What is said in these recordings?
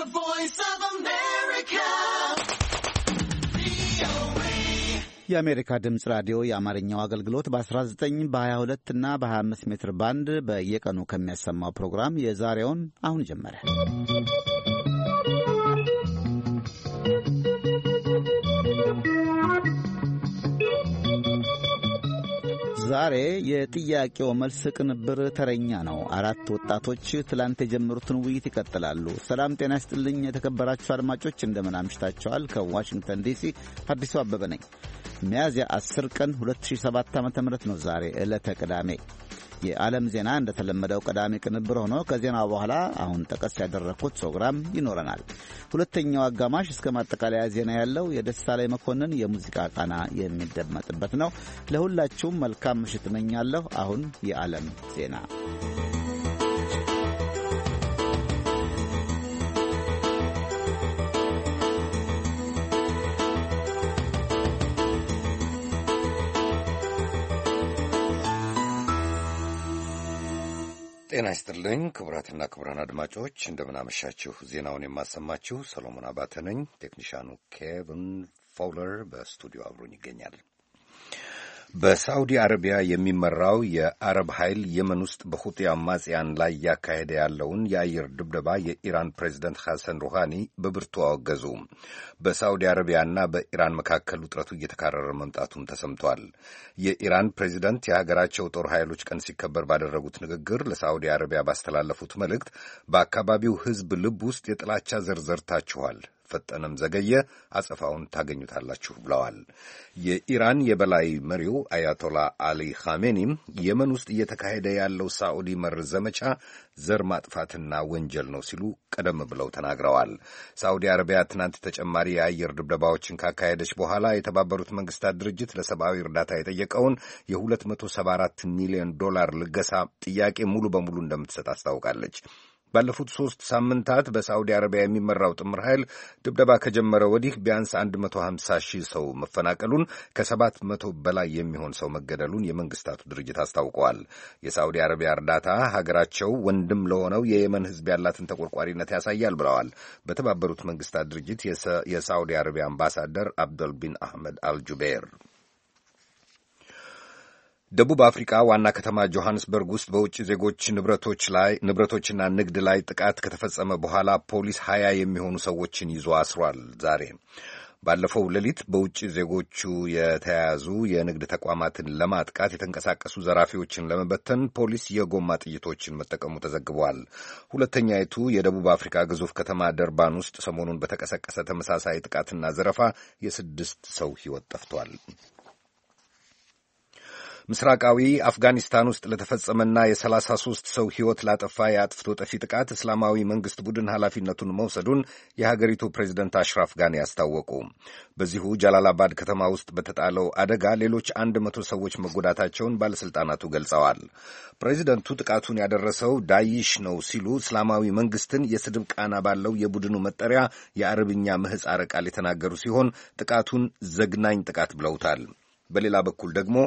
The voice of America. የአሜሪካ ድምፅ ራዲዮ የአማርኛው አገልግሎት በ19 በ22 እና በ25 ሜትር ባንድ በየቀኑ ከሚያሰማው ፕሮግራም የዛሬውን አሁን ጀመረ። ዛሬ የጥያቄው መልስ ቅንብር ተረኛ ነው። አራት ወጣቶች ትላንት የጀመሩትን ውይይት ይቀጥላሉ። ሰላም ጤና ይስጥልኝ የተከበራችሁ አድማጮች እንደምን አምሽታችኋል? ከዋሽንግተን ዲሲ አዲሱ አበበ ነኝ። ሚያዝያ 10 ቀን 2007 ዓ ም ነው ዛሬ ዕለተ ቅዳሜ የዓለም ዜና እንደተለመደው ቀዳሚ ቅንብር ሆኖ ከዜናው በኋላ አሁን ጠቀስ ያደረግኩት ፕሮግራም ይኖረናል። ሁለተኛው አጋማሽ እስከ ማጠቃለያ ዜና ያለው ላይ መኮንን የሙዚቃ ቃና የሚደመጥበት ነው። ለሁላችሁም መልካም ምሽት እመኛለሁ። አሁን የዓለም ዜና ጤና ይስጥልኝ ክቡራትና ክቡራን አድማጮች እንደምናመሻችሁ። ዜናውን የማሰማችሁ ሰሎሞን አባተ ነኝ። ቴክኒሻኑ ኬቭን ፎውለር በስቱዲዮ አብሮን ይገኛል። በሳዑዲ አረቢያ የሚመራው የአረብ ኃይል የመን ውስጥ በሁቲ አማጽያን ላይ እያካሄደ ያለውን የአየር ድብደባ የኢራን ፕሬዚደንት ሐሰን ሩሃኒ በብርቱ አወገዙ። በሳዑዲ አረቢያና በኢራን መካከል ውጥረቱ እየተካረረ መምጣቱም ተሰምቷል። የኢራን ፕሬዚደንት የሀገራቸው ጦር ኃይሎች ቀን ሲከበር ባደረጉት ንግግር ለሳዑዲ አረቢያ ባስተላለፉት መልእክት በአካባቢው ሕዝብ ልብ ውስጥ የጥላቻ ዘር ዘርታችኋል ፈጠነም ዘገየ አጸፋውን ታገኙታላችሁ ብለዋል። የኢራን የበላይ መሪው አያቶላ አሊ ኻሜኒም የመን ውስጥ እየተካሄደ ያለው ሳዑዲ መር ዘመቻ ዘር ማጥፋትና ወንጀል ነው ሲሉ ቀደም ብለው ተናግረዋል። ሳዑዲ አረቢያ ትናንት ተጨማሪ የአየር ድብደባዎችን ካካሄደች በኋላ የተባበሩት መንግስታት ድርጅት ለሰብአዊ እርዳታ የጠየቀውን የ274 ሚሊዮን ዶላር ልገሳ ጥያቄ ሙሉ በሙሉ እንደምትሰጥ አስታውቃለች። ባለፉት ሶስት ሳምንታት በሳዑዲ አረቢያ የሚመራው ጥምር ኃይል ድብደባ ከጀመረ ወዲህ ቢያንስ 150 ሺህ ሰው መፈናቀሉን ከ700 በላይ የሚሆን ሰው መገደሉን የመንግስታቱ ድርጅት አስታውቀዋል። የሳዑዲ አረቢያ እርዳታ ሀገራቸው ወንድም ለሆነው የየመን ሕዝብ ያላትን ተቆርቋሪነት ያሳያል ብለዋል። በተባበሩት መንግስታት ድርጅት የሳዑዲ አረቢያ አምባሳደር አብደል ቢን አህመድ አልጁቤር ደቡብ አፍሪካ ዋና ከተማ ጆሐንስበርግ ውስጥ በውጭ ዜጎች ንብረቶች ላይ ንብረቶችና ንግድ ላይ ጥቃት ከተፈጸመ በኋላ ፖሊስ ሀያ የሚሆኑ ሰዎችን ይዞ አስሯል። ዛሬ ባለፈው ሌሊት በውጭ ዜጎቹ የተያያዙ የንግድ ተቋማትን ለማጥቃት የተንቀሳቀሱ ዘራፊዎችን ለመበተን ፖሊስ የጎማ ጥይቶችን መጠቀሙ ተዘግቧል። ሁለተኛይቱ የደቡብ አፍሪካ ግዙፍ ከተማ ደርባን ውስጥ ሰሞኑን በተቀሰቀሰ ተመሳሳይ ጥቃትና ዘረፋ የስድስት ሰው ሕይወት ጠፍቷል። ምስራቃዊ አፍጋኒስታን ውስጥ ለተፈጸመና የ33 ሰው ሕይወት ላጠፋ የአጥፍቶ ጠፊ ጥቃት እስላማዊ መንግሥት ቡድን ኃላፊነቱን መውሰዱን የሀገሪቱ ፕሬዚደንት አሽራፍ ጋኒ አስታወቁ። በዚሁ ጃላላባድ ከተማ ውስጥ በተጣለው አደጋ ሌሎች አንድ መቶ ሰዎች መጎዳታቸውን ባለሥልጣናቱ ገልጸዋል። ፕሬዚደንቱ ጥቃቱን ያደረሰው ዳይሽ ነው ሲሉ እስላማዊ መንግሥትን የስድብ ቃና ባለው የቡድኑ መጠሪያ የአረብኛ ምህፃረ ቃል የተናገሩ ሲሆን ጥቃቱን ዘግናኝ ጥቃት ብለውታል። በሌላ በኩል ደግሞ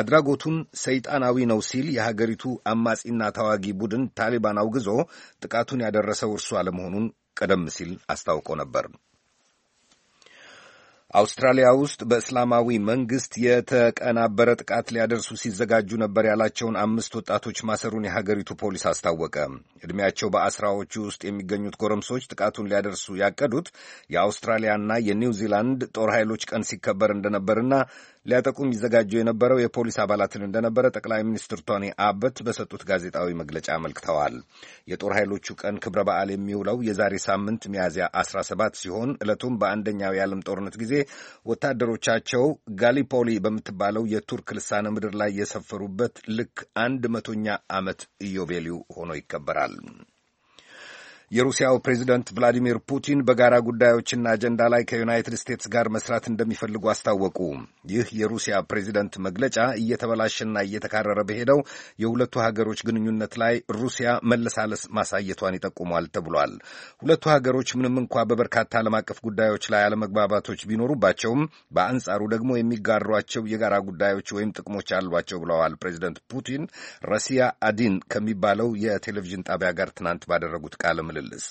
አድራጎቱን ሰይጣናዊ ነው ሲል የሀገሪቱ አማጺና ታዋጊ ቡድን ታሊባን አውግዞ ጥቃቱን ያደረሰው እርሱ አለመሆኑን ቀደም ሲል አስታውቆ ነበር። አውስትራሊያ ውስጥ በእስላማዊ መንግሥት የተቀናበረ ጥቃት ሊያደርሱ ሲዘጋጁ ነበር ያላቸውን አምስት ወጣቶች ማሰሩን የሀገሪቱ ፖሊስ አስታወቀ። ዕድሜያቸው በአስራዎቹ ውስጥ የሚገኙት ጎረምሶች ጥቃቱን ሊያደርሱ ያቀዱት የአውስትራሊያና የኒውዚላንድ ጦር ኃይሎች ቀን ሲከበር እንደነበርና ሊያጠቁ የሚዘጋጁ የነበረው የፖሊስ አባላትን እንደነበረ ጠቅላይ ሚኒስትር ቶኒ አበት በሰጡት ጋዜጣዊ መግለጫ አመልክተዋል። የጦር ኃይሎቹ ቀን ክብረ በዓል የሚውለው የዛሬ ሳምንት ሚያዝያ 17 ሲሆን ዕለቱም በአንደኛው የዓለም ጦርነት ጊዜ ወታደሮቻቸው ጋሊፖሊ በምትባለው የቱርክ ልሳነ ምድር ላይ የሰፈሩበት ልክ አንድ መቶኛ ዓመት ኢዮቤልዩ ሆኖ ይከበራል። የሩሲያው ፕሬዚደንት ቭላዲሚር ፑቲን በጋራ ጉዳዮችና አጀንዳ ላይ ከዩናይትድ ስቴትስ ጋር መስራት እንደሚፈልጉ አስታወቁ። ይህ የሩሲያ ፕሬዚደንት መግለጫ እየተበላሸና እየተካረረ በሄደው የሁለቱ ሀገሮች ግንኙነት ላይ ሩሲያ መለሳለስ ማሳየቷን ይጠቁሟል ተብሏል። ሁለቱ ሀገሮች ምንም እንኳ በበርካታ ዓለም አቀፍ ጉዳዮች ላይ አለመግባባቶች ቢኖሩባቸውም በአንጻሩ ደግሞ የሚጋሯቸው የጋራ ጉዳዮች ወይም ጥቅሞች አሏቸው ብለዋል ፕሬዚደንት ፑቲን ረሲያ አዲን ከሚባለው የቴሌቪዥን ጣቢያ ጋር ትናንት ባደረጉት ቃለ ምልል ምልልስ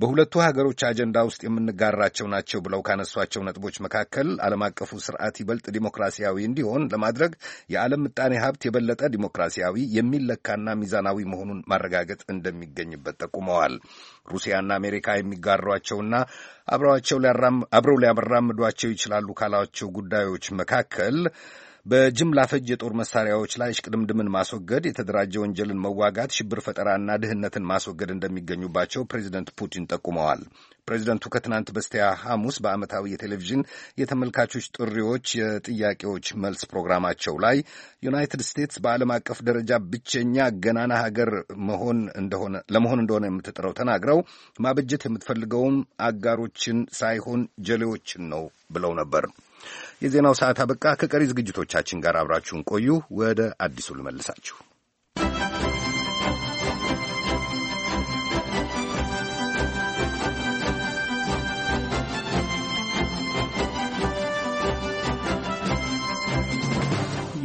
በሁለቱ ሀገሮች አጀንዳ ውስጥ የምንጋራቸው ናቸው ብለው ካነሷቸው ነጥቦች መካከል ዓለም አቀፉ ስርዓት ይበልጥ ዲሞክራሲያዊ እንዲሆን ለማድረግ የዓለም ምጣኔ ሀብት የበለጠ ዲሞክራሲያዊ የሚለካና ሚዛናዊ መሆኑን ማረጋገጥ እንደሚገኝበት ጠቁመዋል። ሩሲያና አሜሪካ የሚጋሯቸውና አብረዋቸው አብረው ሊያራምዷቸው ይችላሉ ካሏቸው ጉዳዮች መካከል በጅምላ ፈጅ የጦር መሳሪያዎች ላይ ሽቅድምድምን ማስወገድ፣ የተደራጀ ወንጀልን መዋጋት፣ ሽብር ፈጠራና ድህነትን ማስወገድ እንደሚገኙባቸው ፕሬዚደንት ፑቲን ጠቁመዋል። ፕሬዚደንቱ ከትናንት በስቲያ ሐሙስ በዓመታዊ የቴሌቪዥን የተመልካቾች ጥሪዎች የጥያቄዎች መልስ ፕሮግራማቸው ላይ ዩናይትድ ስቴትስ በዓለም አቀፍ ደረጃ ብቸኛ ገናና ሀገር መሆን እንደሆነ ለመሆን እንደሆነ የምትጥረው ተናግረው ማበጀት የምትፈልገውም አጋሮችን ሳይሆን ጀሌዎችን ነው ብለው ነበር። የዜናው ሰዓት አበቃ። ከቀሪ ዝግጅቶቻችን ጋር አብራችሁን ቆዩ። ወደ አዲሱ ልመልሳችሁ።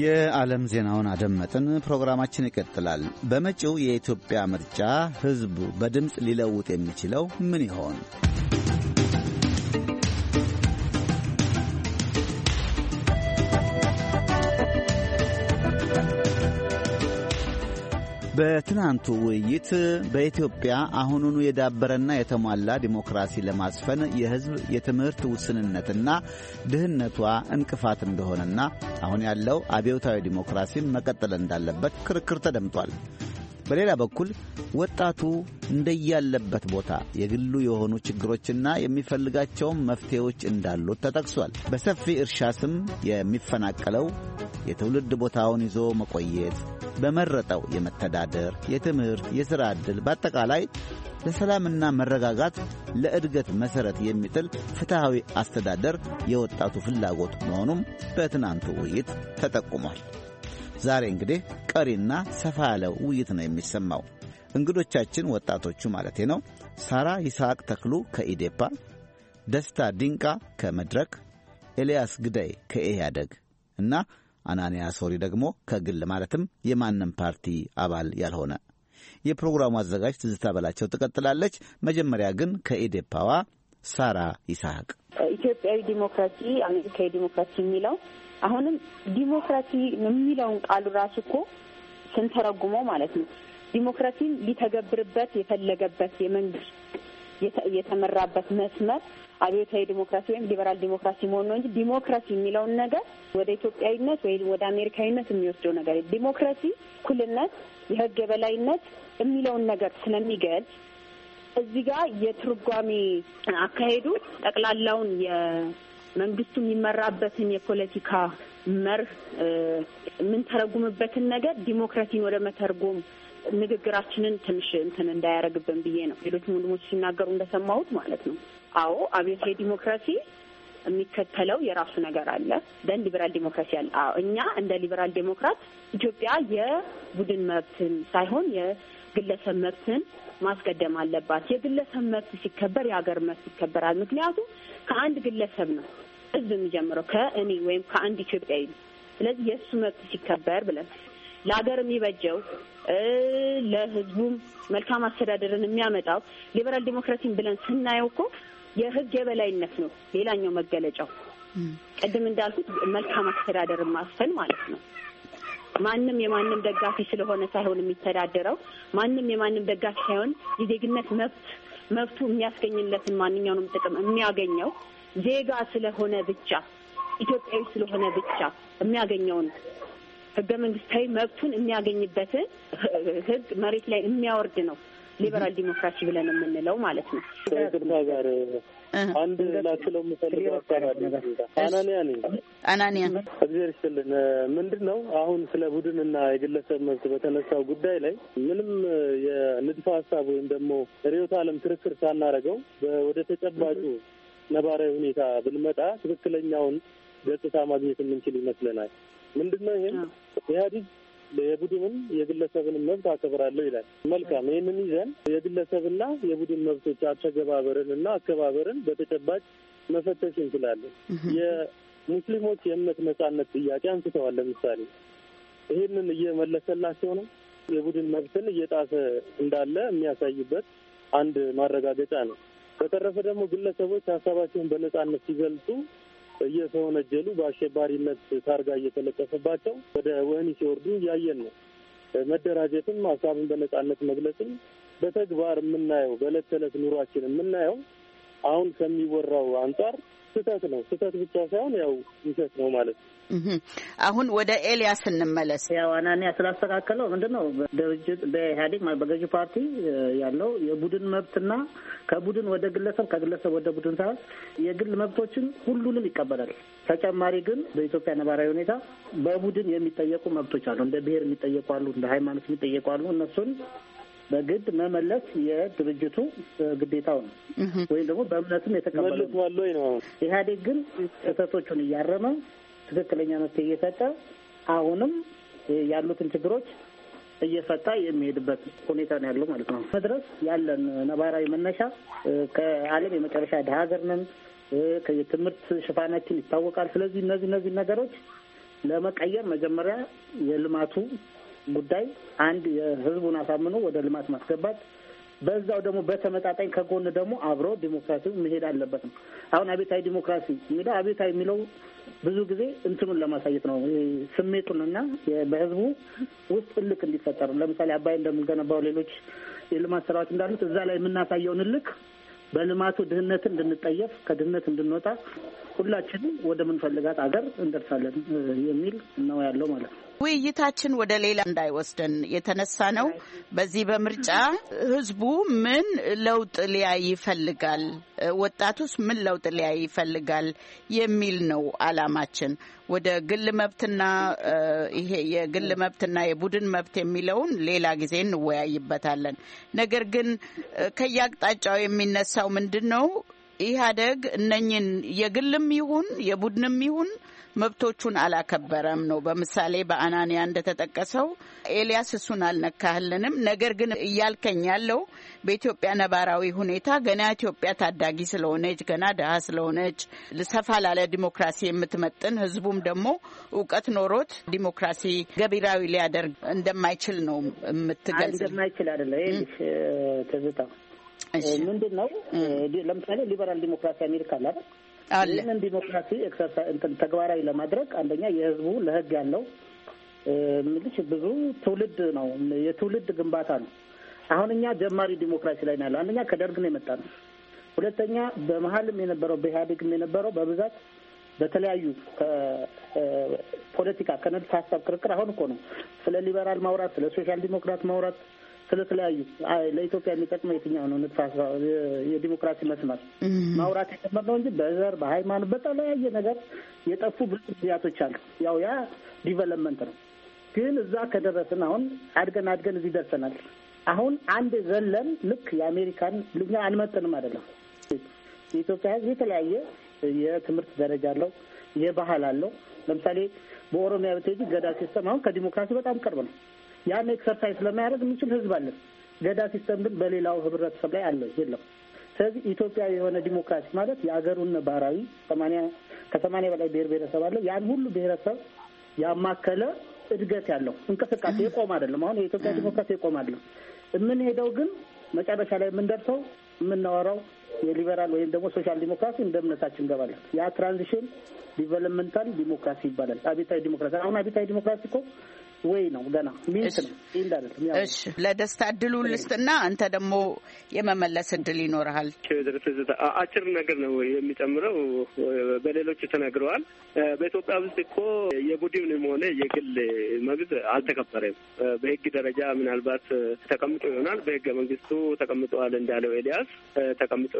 የዓለም ዜናውን አደመጥን። ፕሮግራማችን ይቀጥላል። በመጪው የኢትዮጵያ ምርጫ ሕዝቡ በድምፅ ሊለውጥ የሚችለው ምን ይሆን? በትናንቱ ውይይት በኢትዮጵያ አሁኑኑ የዳበረና የተሟላ ዲሞክራሲ ለማስፈን የሕዝብ የትምህርት ውስንነትና ድህነቷ እንቅፋት እንደሆነና አሁን ያለው አብዮታዊ ዲሞክራሲም መቀጠል እንዳለበት ክርክር ተደምጧል። በሌላ በኩል ወጣቱ እንደያለበት ቦታ የግሉ የሆኑ ችግሮችና የሚፈልጋቸውም መፍትሄዎች እንዳሉት ተጠቅሷል። በሰፊ እርሻ ስም የሚፈናቀለው የትውልድ ቦታውን ይዞ መቆየት በመረጠው የመተዳደር፣ የትምህርት፣ የሥራ ዕድል በአጠቃላይ ለሰላምና መረጋጋት ለእድገት መሠረት የሚጥል ፍትሐዊ አስተዳደር የወጣቱ ፍላጎት መሆኑም በትናንቱ ውይይት ተጠቁሟል። ዛሬ እንግዲህ ቀሪና ሰፋ ያለ ውይይት ነው የሚሰማው። እንግዶቻችን ወጣቶቹ ማለቴ ነው። ሳራ ይስሐቅ ተክሉ ከኢዴፓ፣ ደስታ ዲንቃ ከመድረክ፣ ኤልያስ ግዳይ ከኢህአደግ እና አናንያ ሶሪ ደግሞ ከግል ማለትም የማንም ፓርቲ አባል ያልሆነ። የፕሮግራሙ አዘጋጅ ትዝታ በላቸው ትቀጥላለች። መጀመሪያ ግን ከኢዴፓዋ ሳራ ይስሐቅ ኢትዮጵያዊ ዲሞክራሲ፣ አሜሪካዊ ዲሞክራሲ የሚለው አሁንም ዲሞክራሲ የሚለውን ቃሉ ራሱ እኮ ስንተረጉመው ማለት ነው ዲሞክራሲን ሊተገብርበት የፈለገበት የመንግስት የተመራበት መስመር አብዮታዊ ዲሞክራሲ ወይም ሊበራል ዲሞክራሲ መሆን ነው እንጂ ዲሞክራሲ የሚለውን ነገር ወደ ኢትዮጵያዊነት ወይም ወደ አሜሪካዊነት የሚወስደው ነገር ዲሞክራሲ፣ እኩልነት፣ የህግ የበላይነት የሚለውን ነገር ስለሚገልጽ እዚህ ጋር የትርጓሜ አካሄዱ ጠቅላላውን የመንግስቱ የሚመራበትን የፖለቲካ መርህ የምንተረጉምበትን ነገር ዲሞክራሲን ወደ መተርጎም ንግግራችንን ትንሽ እንትን እንዳያደርግብን ብዬ ነው። ሌሎችም ወንድሞች ሲናገሩ እንደሰማሁት ማለት ነው። አዎ አብዮታዊ ዲሞክራሲ የሚከተለው የራሱ ነገር አለ። ደን ሊበራል ዲሞክራሲ አለ። እኛ እንደ ሊበራል ዴሞክራት ኢትዮጵያ የቡድን መብትን ሳይሆን ግለሰብ መብትን ማስቀደም አለባት። የግለሰብ መብት ሲከበር የሀገር መብት ይከበራል። ምክንያቱም ከአንድ ግለሰብ ነው ህዝብ የሚጀምረው ከእኔ ወይም ከአንድ ኢትዮጵያዊ ነው። ስለዚህ የእሱ መብት ሲከበር ብለን ለሀገር የሚበጀው ለህዝቡም መልካም አስተዳደርን የሚያመጣው ሊበራል ዲሞክራሲን ብለን ስናየው እኮ የህግ የበላይነት ነው ሌላኛው መገለጫው። ቅድም እንዳልኩት መልካም አስተዳደርን ማስፈን ማለት ነው። ማንም የማንም ደጋፊ ስለሆነ ሳይሆን የሚተዳደረው ማንም የማንም ደጋፊ ሳይሆን የዜግነት መብት መብቱ የሚያስገኝለትን ማንኛውንም ጥቅም የሚያገኘው ዜጋ ስለሆነ ብቻ ኢትዮጵያዊ ስለሆነ ብቻ የሚያገኘውን ህገ መንግስታዊ መብቱን የሚያገኝበትን ህግ መሬት ላይ የሚያወርድ ነው ሊበራል ዲሞክራሲ ብለን የምንለው ማለት ነው። ከይቅርታ ጋር አንድ ላችለው የምፈልገው ሀሳብ አናንያ ነኝ። አናንያ ይስጥልን። ምንድን ነው አሁን ስለ ቡድንና የግለሰብ መብት በተነሳው ጉዳይ ላይ ምንም የንድፈ ሀሳብ ወይም ደግሞ ርዕዮተ ዓለም ክርክር ሳናረገው ወደ ተጨባጩ ነባራዊ ሁኔታ ብንመጣ ትክክለኛውን ገጽታ ማግኘት የምንችል ይመስለናል። ምንድን ነው ይህም ኢህአዲግ የቡድንም የግለሰብን መብት አከብራለሁ ይላል። መልካም ይህንን ይዘን የግለሰብና የቡድን መብቶች አተገባበርን እና አከባበርን በተጨባጭ መፈተሽ እንችላለን። የሙስሊሞች የእምነት ነጻነት ጥያቄ አንስተዋል። ለምሳሌ ይህንን እየመለሰላቸው ነው። የቡድን መብትን እየጣሰ እንዳለ የሚያሳይበት አንድ ማረጋገጫ ነው። በተረፈ ደግሞ ግለሰቦች ሀሳባቸውን በነጻነት ሲገልጹ እየተወነጀሉ በአሸባሪነት ታርጋ እየተለጠፈባቸው ወደ ወህኒ ሲወርዱ እያየን ነው። መደራጀትም ሀሳብን በነጻነት መግለጽም በተግባር የምናየው በዕለት ተዕለት ኑሯችን የምናየው አሁን ከሚወራው አንጻር ስህተት ነው። ስህተት ብቻ ሳይሆን ያው ይዘት ነው ማለት ነው። አሁን ወደ ኤልያስ እንመለስ። ያው አናንያ ስላስተካከለው ምንድን ነው ድርጅት በኢህአዴግ በገዢ ፓርቲ ያለው የቡድን መብትና ከቡድን ወደ ግለሰብ ከግለሰብ ወደ ቡድን ሳይሆን የግል መብቶችን ሁሉንም ይቀበላል። ተጨማሪ ግን በኢትዮጵያ ነባራዊ ሁኔታ በቡድን የሚጠየቁ መብቶች አሉ። እንደ ብሔር የሚጠየቁ አሉ፣ እንደ ሃይማኖት የሚጠየቁ አሉ። እነሱን በግድ መመለስ የድርጅቱ ግዴታው ነው፣ ወይም ደግሞ በእምነትም የተቀበለው ነው። ኢህአዴግ ግን ስህተቶቹን እያረመ ትክክለኛ መፍትሄ እየሰጠ አሁንም ያሉትን ችግሮች እየፈታ የሚሄድበት ሁኔታ ነው ያለው ማለት ነው። መድረስ ያለን ነባራዊ መነሻ ከዓለም የመጨረሻ ድሀ ሀገር ነን። የትምህርት ሽፋናችን ይታወቃል። ስለዚህ እነዚህ እነዚህ ነገሮች ለመቀየር መጀመሪያ የልማቱ ጉዳይ አንድ ህዝቡን አሳምኖ ወደ ልማት ማስገባት በዛው ደግሞ በተመጣጣኝ ከጎን ደግሞ አብሮ ዲሞክራሲው መሄድ አለበት ነው። አሁን አቤታዊ ዲሞክራሲ የሚለው አቤታዊ የሚለው ብዙ ጊዜ እንትኑን ለማሳየት ነው ስሜቱንና በህዝቡ ውስጥ እልክ እንዲፈጠር ለምሳሌ አባይ እንደምንገነባው ሌሎች የልማት ስራዎች እንዳሉት እዛ ላይ የምናሳየውን እልክ በልማቱ ድህነትን እንድንጠየፍ ከድህነት እንድንወጣ ሁላችንም ወደ ምንፈልጋት አገር እንደርሳለን የሚል ነው ያለው ማለት ነው። ውይይታችን ወደ ሌላ እንዳይወስደን የተነሳ ነው። በዚህ በምርጫ ህዝቡ ምን ለውጥ ሊያይ ይፈልጋል፣ ወጣቱስ ምን ለውጥ ሊያይ ይፈልጋል የሚል ነው አላማችን። ወደ ግል መብትና ይሄ የግል መብትና የቡድን መብት የሚለውን ሌላ ጊዜ እንወያይበታለን። ነገር ግን ከየአቅጣጫው የሚነሳው ምንድን ነው? ኢህአደግ እነኝን የግልም ይሁን የቡድንም ይሁን መብቶቹን አላከበረም ነው። በምሳሌ በአናንያ እንደተጠቀሰው ኤልያስ እሱን አልነካህልንም። ነገር ግን እያልከኝ ያለው በኢትዮጵያ ነባራዊ ሁኔታ ገና ኢትዮጵያ ታዳጊ ስለሆነች ገና ድሀ ስለሆነች ሰፋ ላለ ዲሞክራሲ የምትመጥን ህዝቡም ደግሞ እውቀት ኖሮት ዲሞክራሲ ገቢራዊ ሊያደርግ እንደማይችል ነው የምትገልጽ። እንደማይችል አይደለ ምንድን ነው? ለምሳሌ ሊበራል ዲሞክራሲ አሜሪካ አለ ይህንን ዲሞክራሲ ተግባራዊ ለማድረግ አንደኛ የህዝቡ ለህግ ያለው ምልሽ ብዙ ትውልድ ነው የትውልድ ግንባታ ነው። አሁን እኛ ጀማሪ ዲሞክራሲ ላይ ነው ያለው። አንደኛ ከደርግ ነው የመጣ ነው። ሁለተኛ በመሀልም የነበረው በኢህአዴግም የነበረው በብዛት በተለያዩ ፖለቲካ ከንድፈ ሀሳብ ክርክር አሁን እኮ ነው ስለ ሊበራል ማውራት ስለ ሶሻል ዲሞክራት ማውራት ስለተለያዩ ለኢትዮጵያ የሚጠቅመው የትኛው ነው ንድፈ የዲሞክራሲ መስመር ማውራት የጀመርነው እንጂ በዘር በሃይማኖት፣ በተለያየ ነገር የጠፉ ብዙ ጊዜያቶች አሉ። ያው ያ ዲቨሎፕመንት ነው። ግን እዛ ከደረስን አሁን አድገን አድገን እዚህ ደርሰናል። አሁን አንድ ዘለን ልክ የአሜሪካን ልኛ አንመጥንም አይደለም። የኢትዮጵያ ሕዝብ የተለያየ የትምህርት ደረጃ አለው፣ የባህል አለው። ለምሳሌ በኦሮሚያ ብትሄጂ ገዳ ሲስተም አሁን ከዲሞክራሲ በጣም ቅርብ ነው። ያን ኤክሰርሳይዝ ለማያደርግ የሚችል ህዝብ አለን። ገዳ ሲስተም ግን በሌላው ህብረተሰብ ላይ አለ የለም። ስለዚህ ኢትዮጵያ የሆነ ዲሞክራሲ ማለት የአገሩን ባህራዊ ሰማንያ ከሰማንያ በላይ ብሔር ብሔረሰብ አለ። ያን ሁሉ ብሔረሰብ ያማከለ እድገት ያለው እንቅስቃሴ የቆም አይደለም። አሁን የኢትዮጵያ ዲሞክራሲ የቆም አይደለም። የምንሄደው ግን መጨረሻ ላይ የምንደርሰው የምናወራው የሊበራል ወይም ደግሞ ሶሻል ዲሞክራሲ እንደ እምነታችን እንገባለን። ያ ትራንዚሽን ዲቨሎፕመንታል ዲሞክራሲ ይባላል። አቤታዊ ዲሞክራሲ አሁን አቤታዊ ዲሞክራሲ እኮ ወይ ነው ገና ሚንት ነው ያው እሺ፣ ለደስታ እድሉ ልስጥና አንተ ደግሞ የመመለስ እድል ይኖርሃል። አጭር ነገር ነው የሚጨምረው። በሌሎቹ ተነግረዋል። በኢትዮጵያ ውስጥ እኮ የቡድንም ሆነ የግል መብት አልተከበረም። በህግ ደረጃ ምናልባት ተቀምጦ ይሆናል። በህገ መንግስቱ ተቀምጠዋል እንዳለው ኤልያስ ተቀምጦ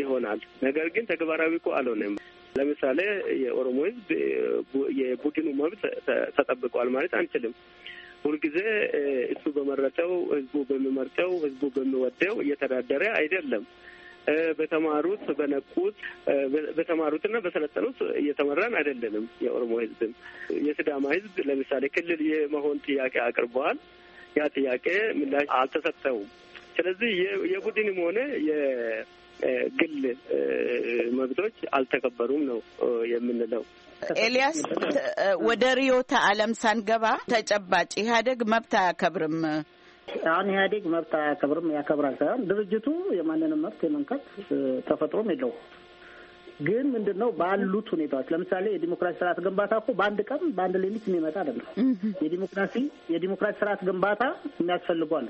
ይሆናል። ነገር ግን ተግባራዊ እኮ አልሆነም። ለምሳሌ የኦሮሞ ህዝብ የቡድኑ መብት ተጠብቋል ማለት አንችልም። ሁልጊዜ እሱ በመረጠው ህዝቡ በሚመርጠው ህዝቡ በሚወደው እየተዳደረ አይደለም። በተማሩት በነቁት በተማሩትና በሰለጠኑት እየተመራን አይደለንም። የኦሮሞ ህዝብም የስዳማ ህዝብ ለምሳሌ ክልል የመሆን ጥያቄ አቅርበዋል። ያ ጥያቄ ምላሽ አልተሰጠውም። ስለዚህ የቡድንም ሆነ ግል መብቶች አልተከበሩም ነው የምንለው። ኤልያስ ወደ ርዕዮተ ዓለም ሳንገባ ተጨባጭ ኢህአዴግ መብት አያከብርም። አሁን ኢህአዴግ መብት አያከብርም ያከብራል ሳይሆን ድርጅቱ የማንንም መብት የመንካት ተፈጥሮም የለው ግን ምንድን ነው ባሉት ሁኔታዎች ለምሳሌ የዲሞክራሲ ስርዓት ግንባታ እኮ በአንድ ቀን በአንድ ሌሊት የሚመጣ አይደለም። የዲሞክራሲ የዲሞክራሲ ስርዓት ግንባታ የሚያስፈልጓሉ።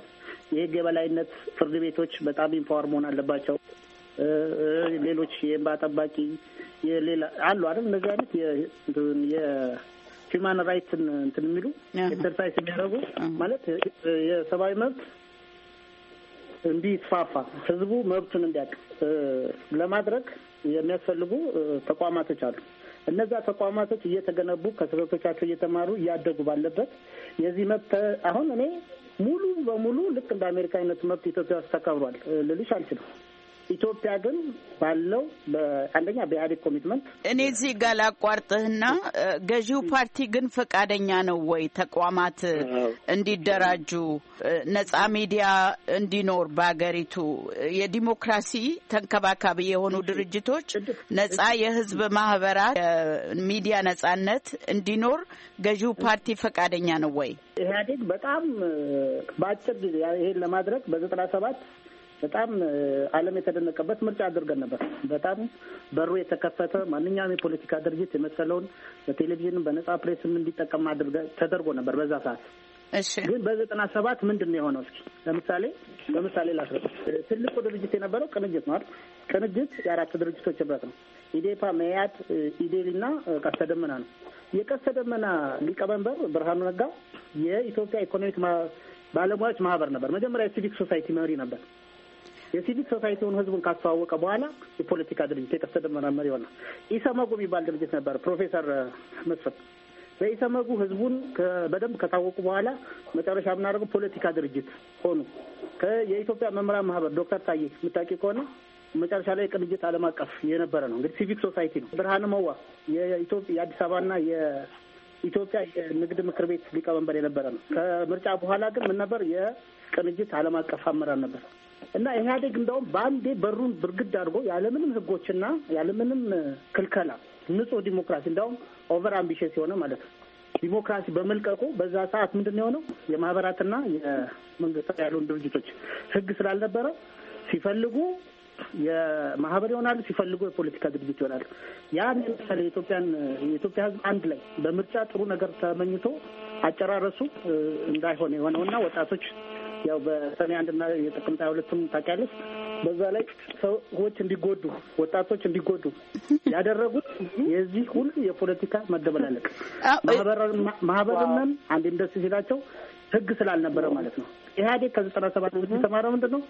የህግ የበላይነት፣ ፍርድ ቤቶች በጣም ኢምፓወር መሆን አለባቸው። ሌሎች የእንባ ጠባቂ የሌላ አሉ አይደል? እነዚህ አይነት የሂውማን ራይትን እንትን የሚሉ ኤክሰርሳይዝ የሚያደርጉ ማለት የሰብአዊ መብት እንዲስፋፋ ህዝቡ መብቱን እንዲያውቅ ለማድረግ የሚያስፈልጉ ተቋማቶች አሉ። እነዛ ተቋማቶች እየተገነቡ ከስህተቶቻቸው እየተማሩ እያደጉ ባለበት የዚህ መብት አሁን እኔ ሙሉ በሙሉ ልክ እንደ አሜሪካ አይነት መብት ኢትዮጵያ ውስጥ ተከብሯል ልልሽ አልችልም። ኢትዮጵያ ግን ባለው አንደኛ በኢህአዴግ ኮሚትመንት እኔ እዚህ ጋር ላቋርጥህና ገዢው ፓርቲ ግን ፈቃደኛ ነው ወይ ተቋማት እንዲደራጁ ነጻ ሚዲያ እንዲኖር በሀገሪቱ የዲሞክራሲ ተንከባካቢ የሆኑ ድርጅቶች ነጻ የህዝብ ማህበራት ሚዲያ ነጻነት እንዲኖር ገዢው ፓርቲ ፈቃደኛ ነው ወይ? ኢህአዴግ በጣም በአጭር ጊዜ ይሄን ለማድረግ በዘጠና ሰባት በጣም ዓለም የተደነቀበት ምርጫ አድርገን ነበር። በጣም በሩ የተከፈተ ማንኛውም የፖለቲካ ድርጅት የመሰለውን በቴሌቪዥንም በነጻ ፕሬስም እንዲጠቀም አድርገ ተደርጎ ነበር በዛ ሰዓት። ግን በዘጠና ሰባት ምንድን ነው የሆነው? እስኪ ለምሳሌ ለምሳሌ ላስረዳ። ትልቁ ድርጅት የነበረው ቅንጅት ነው አይደል? ቅንጅት የአራት ድርጅቶች ህብረት ነው። ኢዴፓ፣ መያድ፣ ኢዴሊ እና ቀስተ ደመና ነው። የቀስተ ደመና ሊቀመንበር ብርሃኑ ነጋ የኢትዮጵያ ኢኮኖሚክ ባለሙያዎች ማህበር ነበር። መጀመሪያ የሲቪክ ሶሳይቲ መሪ ነበር። የሲቪክ ሶሳይቲውን ህዝቡን ካስተዋወቀ በኋላ የፖለቲካ ድርጅት የቀስተ ደመና መሪ ኢሰመጉ የሚባል ድርጅት ነበር። ፕሮፌሰር መስፍን በኢሰመጉ ህዝቡን በደንብ ከታወቁ በኋላ መጨረሻ የምናደርገው ፖለቲካ ድርጅት ሆኑ። የኢትዮጵያ መምህራን ማህበር ዶክተር ታዬ የምታውቂ ከሆነ መጨረሻ ላይ ቅንጅት ዓለም አቀፍ የነበረ ነው። እንግዲህ ሲቪክ ሶሳይቲ ነው። ብርሃኑ መዋ የአዲስ አበባና የኢትዮጵያ የንግድ ምክር ቤት ሊቀመንበር የነበረ ነው። ከምርጫ በኋላ ግን ምን ነበር? የቅንጅት ዓለም አቀፍ አመራር ነበር። እና ኢህአዴግ እንደውም በአንዴ በሩን ብርግድ አድርጎ ያለምንም ህጎችና ያለምንም ክልከላ ንጹህ ዲሞክራሲ እንደውም ኦቨር አምቢሽስ የሆነ ማለት ነው ዲሞክራሲ በመልቀቁ በዛ ሰዓት ምንድን ነው የሆነው? የማህበራትና የመንግስት ያሉን ድርጅቶች ህግ ስላልነበረ ሲፈልጉ የማህበር ይሆናሉ፣ ሲፈልጉ የፖለቲካ ድርጅት ይሆናሉ። ያን ለምሳሌ የኢትዮጵያን የኢትዮጵያ ህዝብ አንድ ላይ በምርጫ ጥሩ ነገር ተመኝቶ አጨራረሱ እንዳይሆን የሆነውና ወጣቶች ያው በሰኔ አንድና የጥቅምት ሀያ ሁለቱም ታውቂያለሽ። በዛ ላይ ሰዎች እንዲጎዱ ወጣቶች እንዲጎዱ ያደረጉት የዚህ ሁሉ የፖለቲካ መደበላለቅ ማህበርነን አንድ ደስ ሲላቸው ህግ ስላልነበረ ማለት ነው። ኢህአዴግ ከዘጠና ሰባት ውስጥ የተማረው ምንድን ነው?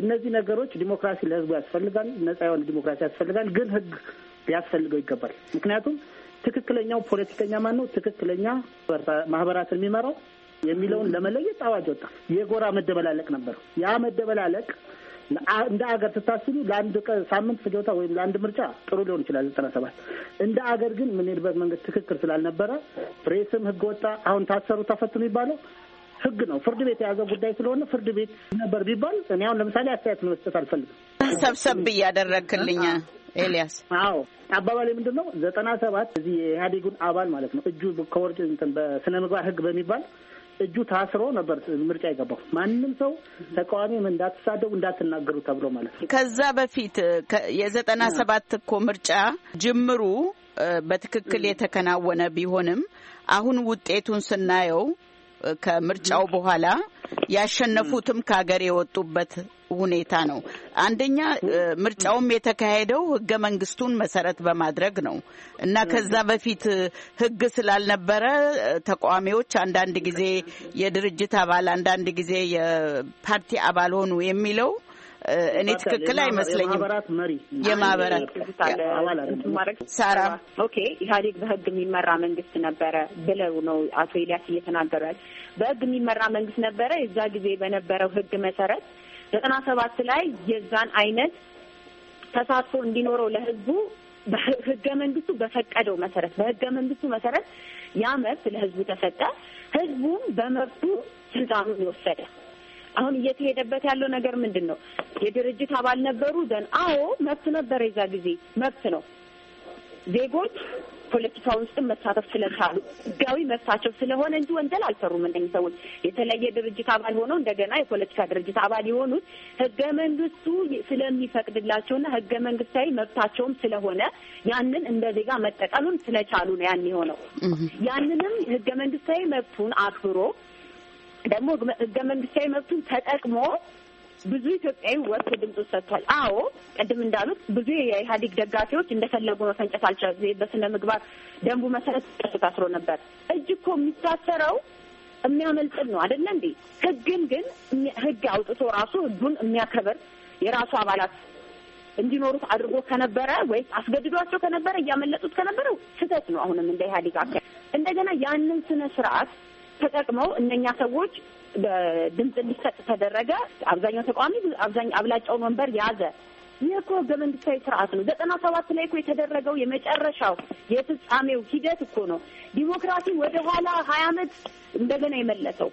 እነዚህ ነገሮች ዲሞክራሲ ለህዝቡ ያስፈልጋል፣ ነጻ የሆነ ዲሞክራሲ ያስፈልጋል። ግን ህግ ሊያስፈልገው ይገባል። ምክንያቱም ትክክለኛው ፖለቲከኛ ማን ነው? ትክክለኛ ማህበራትን የሚመራው የሚለውን ለመለየት አዋጅ ወጣ። የጎራ መደበላለቅ ነበር። ያ መደበላለቅ እንደ አገር ስታስቡ ለአንድ ሳምንት ፍጆታ ወይም ለአንድ ምርጫ ጥሩ ሊሆን ይችላል ዘጠና ሰባት እንደ አገር ግን የምንሄድበት መንገድ ትክክል ስላልነበረ ፕሬስም ህግ ወጣ። አሁን ታሰሩ ተፈቱ የሚባለው ህግ ነው። ፍርድ ቤት የያዘው ጉዳይ ስለሆነ ፍርድ ቤት ነበር ቢባል እኔ አሁን ለምሳሌ አስተያየት መስጠት አልፈልግም። ሰብሰብ እያደረግክልኛ ኤልያስ አዎ አባባሌ ምንድን ነው? ዘጠና ሰባት እዚህ የኢህአዴጉን አባል ማለት ነው እጁ ከወርጭ በስነ ምግባር ህግ በሚባል እጁ ታስሮ ነበር ምርጫ የገባው። ማንም ሰው ተቃዋሚም እንዳትሳደቡ እንዳትናገሩ ተብሎ ማለት ነው። ከዛ በፊት የዘጠና ሰባት እኮ ምርጫ ጅምሩ በትክክል የተከናወነ ቢሆንም አሁን ውጤቱን ስናየው ከምርጫው በኋላ ያሸነፉትም ከሀገር የወጡበት ሁኔታ ነው። አንደኛ ምርጫውም የተካሄደው ህገ መንግስቱን መሰረት በማድረግ ነው እና ከዛ በፊት ህግ ስላልነበረ ተቃዋሚዎች አንዳንድ ጊዜ የድርጅት አባል አንዳንድ ጊዜ የፓርቲ አባል ሆኑ የሚለው እኔ ትክክል አይመስለኝም። የማህበራት ሳራ ኦኬ፣ ኢህአዴግ በህግ የሚመራ መንግስት ነበረ ብለው ነው አቶ ኤልያስ እየተናገሩ ያለ። በህግ የሚመራ መንግስት ነበረ። የዛ ጊዜ በነበረው ህግ መሰረት ዘጠና ሰባት ላይ የዛን አይነት ተሳትፎ እንዲኖረው ለህዝቡ በህገ መንግስቱ በፈቀደው መሰረት በህገ መንግስቱ መሰረት ያ መብት ለህዝቡ ተሰጠ። ህዝቡም በመብቱ ስልጣኑን ይወሰደ አሁን እየተሄደበት ያለው ነገር ምንድን ነው? የድርጅት አባል ነበሩ ዘን አዎ መብት ነበር የዛ ጊዜ መብት ነው። ዜጎች ፖለቲካ ውስጥም መሳተፍ ስለቻሉ ህጋዊ መብታቸው ስለሆነ እንጂ ወንጀል አልሰሩም። እነኝህ ሰዎች የተለየ ድርጅት አባል ሆነው እንደገና የፖለቲካ ድርጅት አባል የሆኑት ህገ መንግስቱ ስለሚፈቅድላቸውና ህገ መንግስታዊ መብታቸውም ስለሆነ ያንን እንደ ዜጋ መጠቀሉን ስለቻሉ ነው ያን የሆነው። ያንንም ህገ መንግስታዊ መብቱን አክብሮ ደግሞ ህገ መንግስታዊ መብቱን ተጠቅሞ ብዙ ኢትዮጵያዊ ወጥቶ ድምፅ ሰጥቷል። አዎ ቅድም እንዳሉት ብዙ የኢህአዴግ ደጋፊዎች እንደፈለጉ መፈንጨት አልቻሉ። በስነ ምግባር ደንቡ መሰረት ታስሮ ነበር። እጅ እኮ የሚታሰረው የሚያመልጥን ነው አደለ እንዴ? ህግን ግን ህግ አውጥቶ ራሱ ህጉን የሚያከብር የራሱ አባላት እንዲኖሩት አድርጎ ከነበረ ወይም አስገድዷቸው ከነበረ እያመለጡት ከነበረ ስህተት ነው። አሁንም እንደ ኢህአዴግ አካል እንደገና ያንን ስነ ስርዓት ተጠቅመው እነኛ ሰዎች በድምፅ እንዲሰጥ ተደረገ። አብዛኛው ተቃዋሚ አብዛኛው አብላጫውን ወንበር ያዘ። ይህ እኮ ህገ መንግስታዊ ስርዓት ነው። ዘጠና ሰባት ላይ እኮ የተደረገው የመጨረሻው የፍጻሜው ሂደት እኮ ነው ዲሞክራሲ ወደ ኋላ ሀያ አመት እንደገና የመለሰው።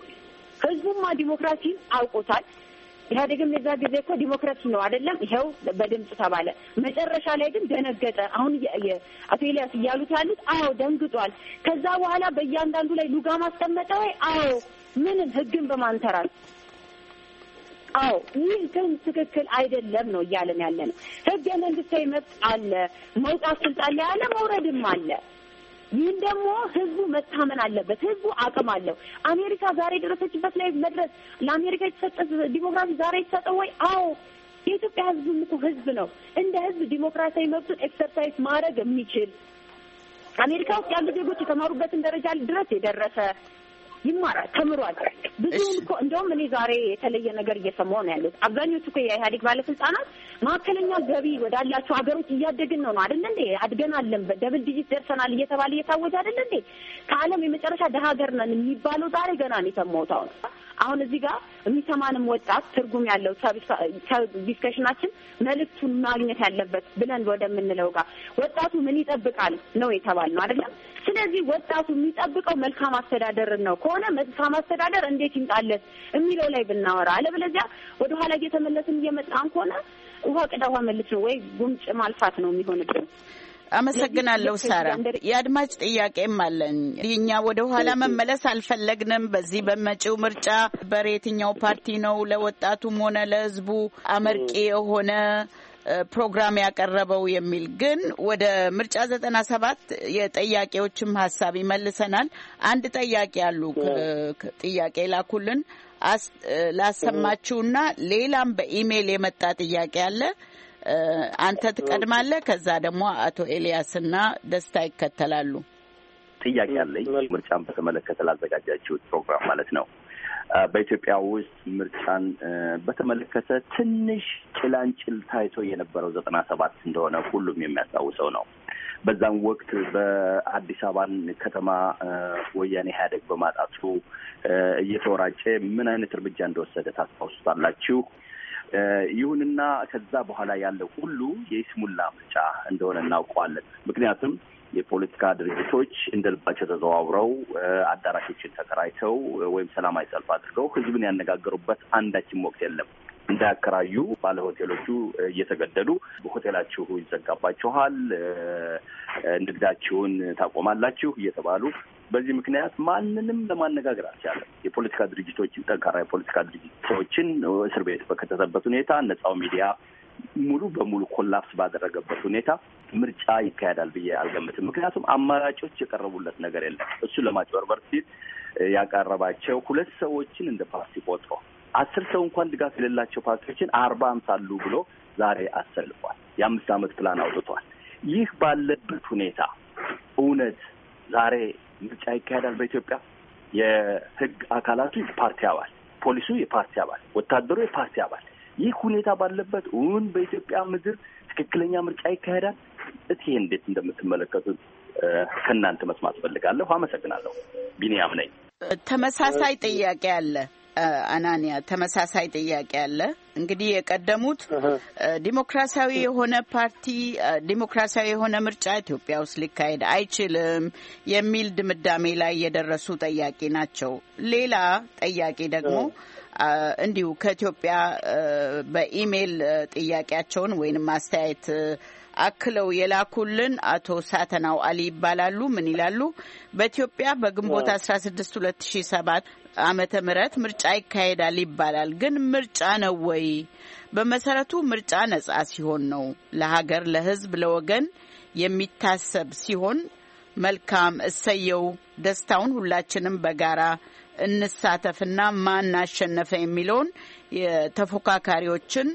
ህዝቡማ ዲሞክራሲ አውቆታል። ኢህአዴግም የዛ ጊዜ እኮ ዲሞክራሲ ነው አይደለም፣ ይኸው በድምፅ ተባለ። መጨረሻ ላይ ግን ደነገጠ። አሁን አቶ ኤልያስ እያሉት ያሉት አዎ፣ ደንግጧል። ከዛ በኋላ በእያንዳንዱ ላይ ሉጋ ማስቀመጠ ወይ? አዎ። ምንም ህግን በማንተራት አዎ ይህ ግን ትክክል አይደለም ነው እያለን ያለ ነው። ህገ መንግስታዊ መብት አለ፣ መውጣት ስልጣን ላይ አለ፣ መውረድም አለ። ይህን ደግሞ ህዝቡ መታመን አለበት። ህዝቡ አቅም አለው። አሜሪካ ዛሬ የደረሰችበት ላይ መድረስ ለአሜሪካ የተሰጠ ዲሞክራሲ ዛሬ የተሰጠ ወይ? አዎ የኢትዮጵያ ህዝብ እኮ ህዝብ ነው። እንደ ህዝብ ዲሞክራሲያዊ መብቱን ኤክሰርሳይዝ ማድረግ የሚችል አሜሪካ ውስጥ ያሉ ዜጎች የተማሩበትን ደረጃ ድረስ የደረሰ ይማራል፣ ተምሯል። ብዙም እኮ እንደውም እኔ ዛሬ የተለየ ነገር እየሰማሁ ነው ያሉት። አብዛኞቹ እኮ የኢህአዴግ ባለስልጣናት መካከለኛ ገቢ ወዳላቸው ሀገሮች እያደግን ነው ነው አደለ እንዴ? አድገናለን፣ ደብል ዲጂት ደርሰናል እየተባለ እየታወጀ አደለ እንዴ? ከዓለም የመጨረሻ ደሀ ሀገር ነን የሚባለው ዛሬ ገና ነው የሰማሁት አሁን አሁን እዚህ ጋር የሚሰማንም ወጣት ትርጉም ያለው ዲስከሽናችን መልእክቱን ማግኘት ያለበት ብለን ወደምንለው ጋር ወጣቱ ምን ይጠብቃል ነው የተባል ነው አይደለም። ስለዚህ ወጣቱ የሚጠብቀው መልካም አስተዳደርን ነው ከሆነ መልካም አስተዳደር እንዴት ይምጣለት የሚለው ላይ ብናወራ፣ አለበለዚያ ወደኋላ እየተመለስን እየመጣን ከሆነ ውሃ ቅዳ ውሃ መልስ ነው ወይ ጉምጭ ማልፋት ነው የሚሆንብን። አመሰግናለሁ ሳራ። የአድማጭ ጥያቄም አለን። እኛ ወደ ኋላ መመለስ አልፈለግንም። በዚህ በመጪው ምርጫ በየትኛው ፓርቲ ነው ለወጣቱም ሆነ ለሕዝቡ አመርቂ የሆነ ፕሮግራም ያቀረበው የሚል ግን ወደ ምርጫ ዘጠና ሰባት የጠያቄዎችም ሀሳብ ይመልሰናል። አንድ ጠያቄ አሉ ጥያቄ ላኩልን ላሰማችሁና ሌላም በኢሜይል የመጣ ጥያቄ አለ አንተ ትቀድማለህ፣ ከዛ ደግሞ አቶ ኤልያስና ደስታ ይከተላሉ። ጥያቄ አለኝ ምርጫን በተመለከተ ላዘጋጃችሁት ፕሮግራም ማለት ነው። በኢትዮጵያ ውስጥ ምርጫን በተመለከተ ትንሽ ጭላንጭል ታይቶ የነበረው ዘጠና ሰባት እንደሆነ ሁሉም የሚያስታውሰው ነው። በዛም ወቅት በአዲስ አበባን ከተማ ወያኔ ኢህአዴግ በማጣቱ እየተወራጨ ምን አይነት እርምጃ እንደወሰደ ታስታውሱታላችሁ። ይሁንና ከዛ በኋላ ያለው ሁሉ የይስሙላ ምርጫ እንደሆነ እናውቀዋለን። ምክንያቱም የፖለቲካ ድርጅቶች እንደ ልባቸው ተዘዋውረው አዳራሾችን ተከራይተው ወይም ሰላማዊ ሰልፍ አድርገው ህዝብን ያነጋገሩበት አንዳችም ወቅት የለም። እንዳያከራዩ ባለሆቴሎቹ እየተገደሉ በሆቴላችሁ ይዘጋባችኋል፣ ንግዳችሁን ታቆማላችሁ እየተባሉ በዚህ ምክንያት ማንንም ለማነጋገር አልቻለም። የፖለቲካ ድርጅቶችን ጠንካራ የፖለቲካ ድርጅቶችን እስር ቤት በከተተበት ሁኔታ ነፃው ሚዲያ ሙሉ በሙሉ ኮላፕስ ባደረገበት ሁኔታ ምርጫ ይካሄዳል ብዬ አልገምትም። ምክንያቱም አማራጮች የቀረቡለት ነገር የለም። እሱ ለማጭበርበር ሲል ያቀረባቸው ሁለት ሰዎችን እንደ ፓርቲ ቆጥሮ አስር ሰው እንኳን ድጋፍ የሌላቸው ፓርቲዎችን አርባ አሉ ብሎ ዛሬ አሰልፏል። የአምስት ዓመት ፕላን አውጥቷል። ይህ ባለበት ሁኔታ እውነት ዛሬ ምርጫ ይካሄዳል በኢትዮጵያ። የህግ አካላቱ የፓርቲ አባል፣ ፖሊሱ የፓርቲ አባል፣ ወታደሩ የፓርቲ አባል። ይህ ሁኔታ ባለበት እውን በኢትዮጵያ ምድር ትክክለኛ ምርጫ ይካሄዳል? እስኪ እንዴት እንደምትመለከቱት ከእናንተ መስማት ፈልጋለሁ። አመሰግናለሁ። ቢኒያም ነኝ። ተመሳሳይ ጥያቄ አለ። አናንያ ተመሳሳይ ጥያቄ አለ። እንግዲህ የቀደሙት ዲሞክራሲያዊ የሆነ ፓርቲ ዲሞክራሲያዊ የሆነ ምርጫ ኢትዮጵያ ውስጥ ሊካሄድ አይችልም የሚል ድምዳሜ ላይ የደረሱ ጠያቂ ናቸው። ሌላ ጠያቂ ደግሞ እንዲሁ ከኢትዮጵያ በኢሜይል ጥያቄያቸውን ወይንም አስተያየት አክለው የላኩልን አቶ ሳተናው አሊ ይባላሉ። ምን ይላሉ? በኢትዮጵያ በግንቦት 16 2007 ዓመተ ምህረት ምርጫ ይካሄዳል ይባላል። ግን ምርጫ ነው ወይ? በመሰረቱ ምርጫ ነጻ ሲሆን ነው ለሀገር፣ ለህዝብ ለወገን የሚታሰብ ሲሆን መልካም እሰየው፣ ደስታውን ሁላችንም በጋራ እንሳተፍና ማን አሸነፈ የሚለውን የተፎካካሪዎችን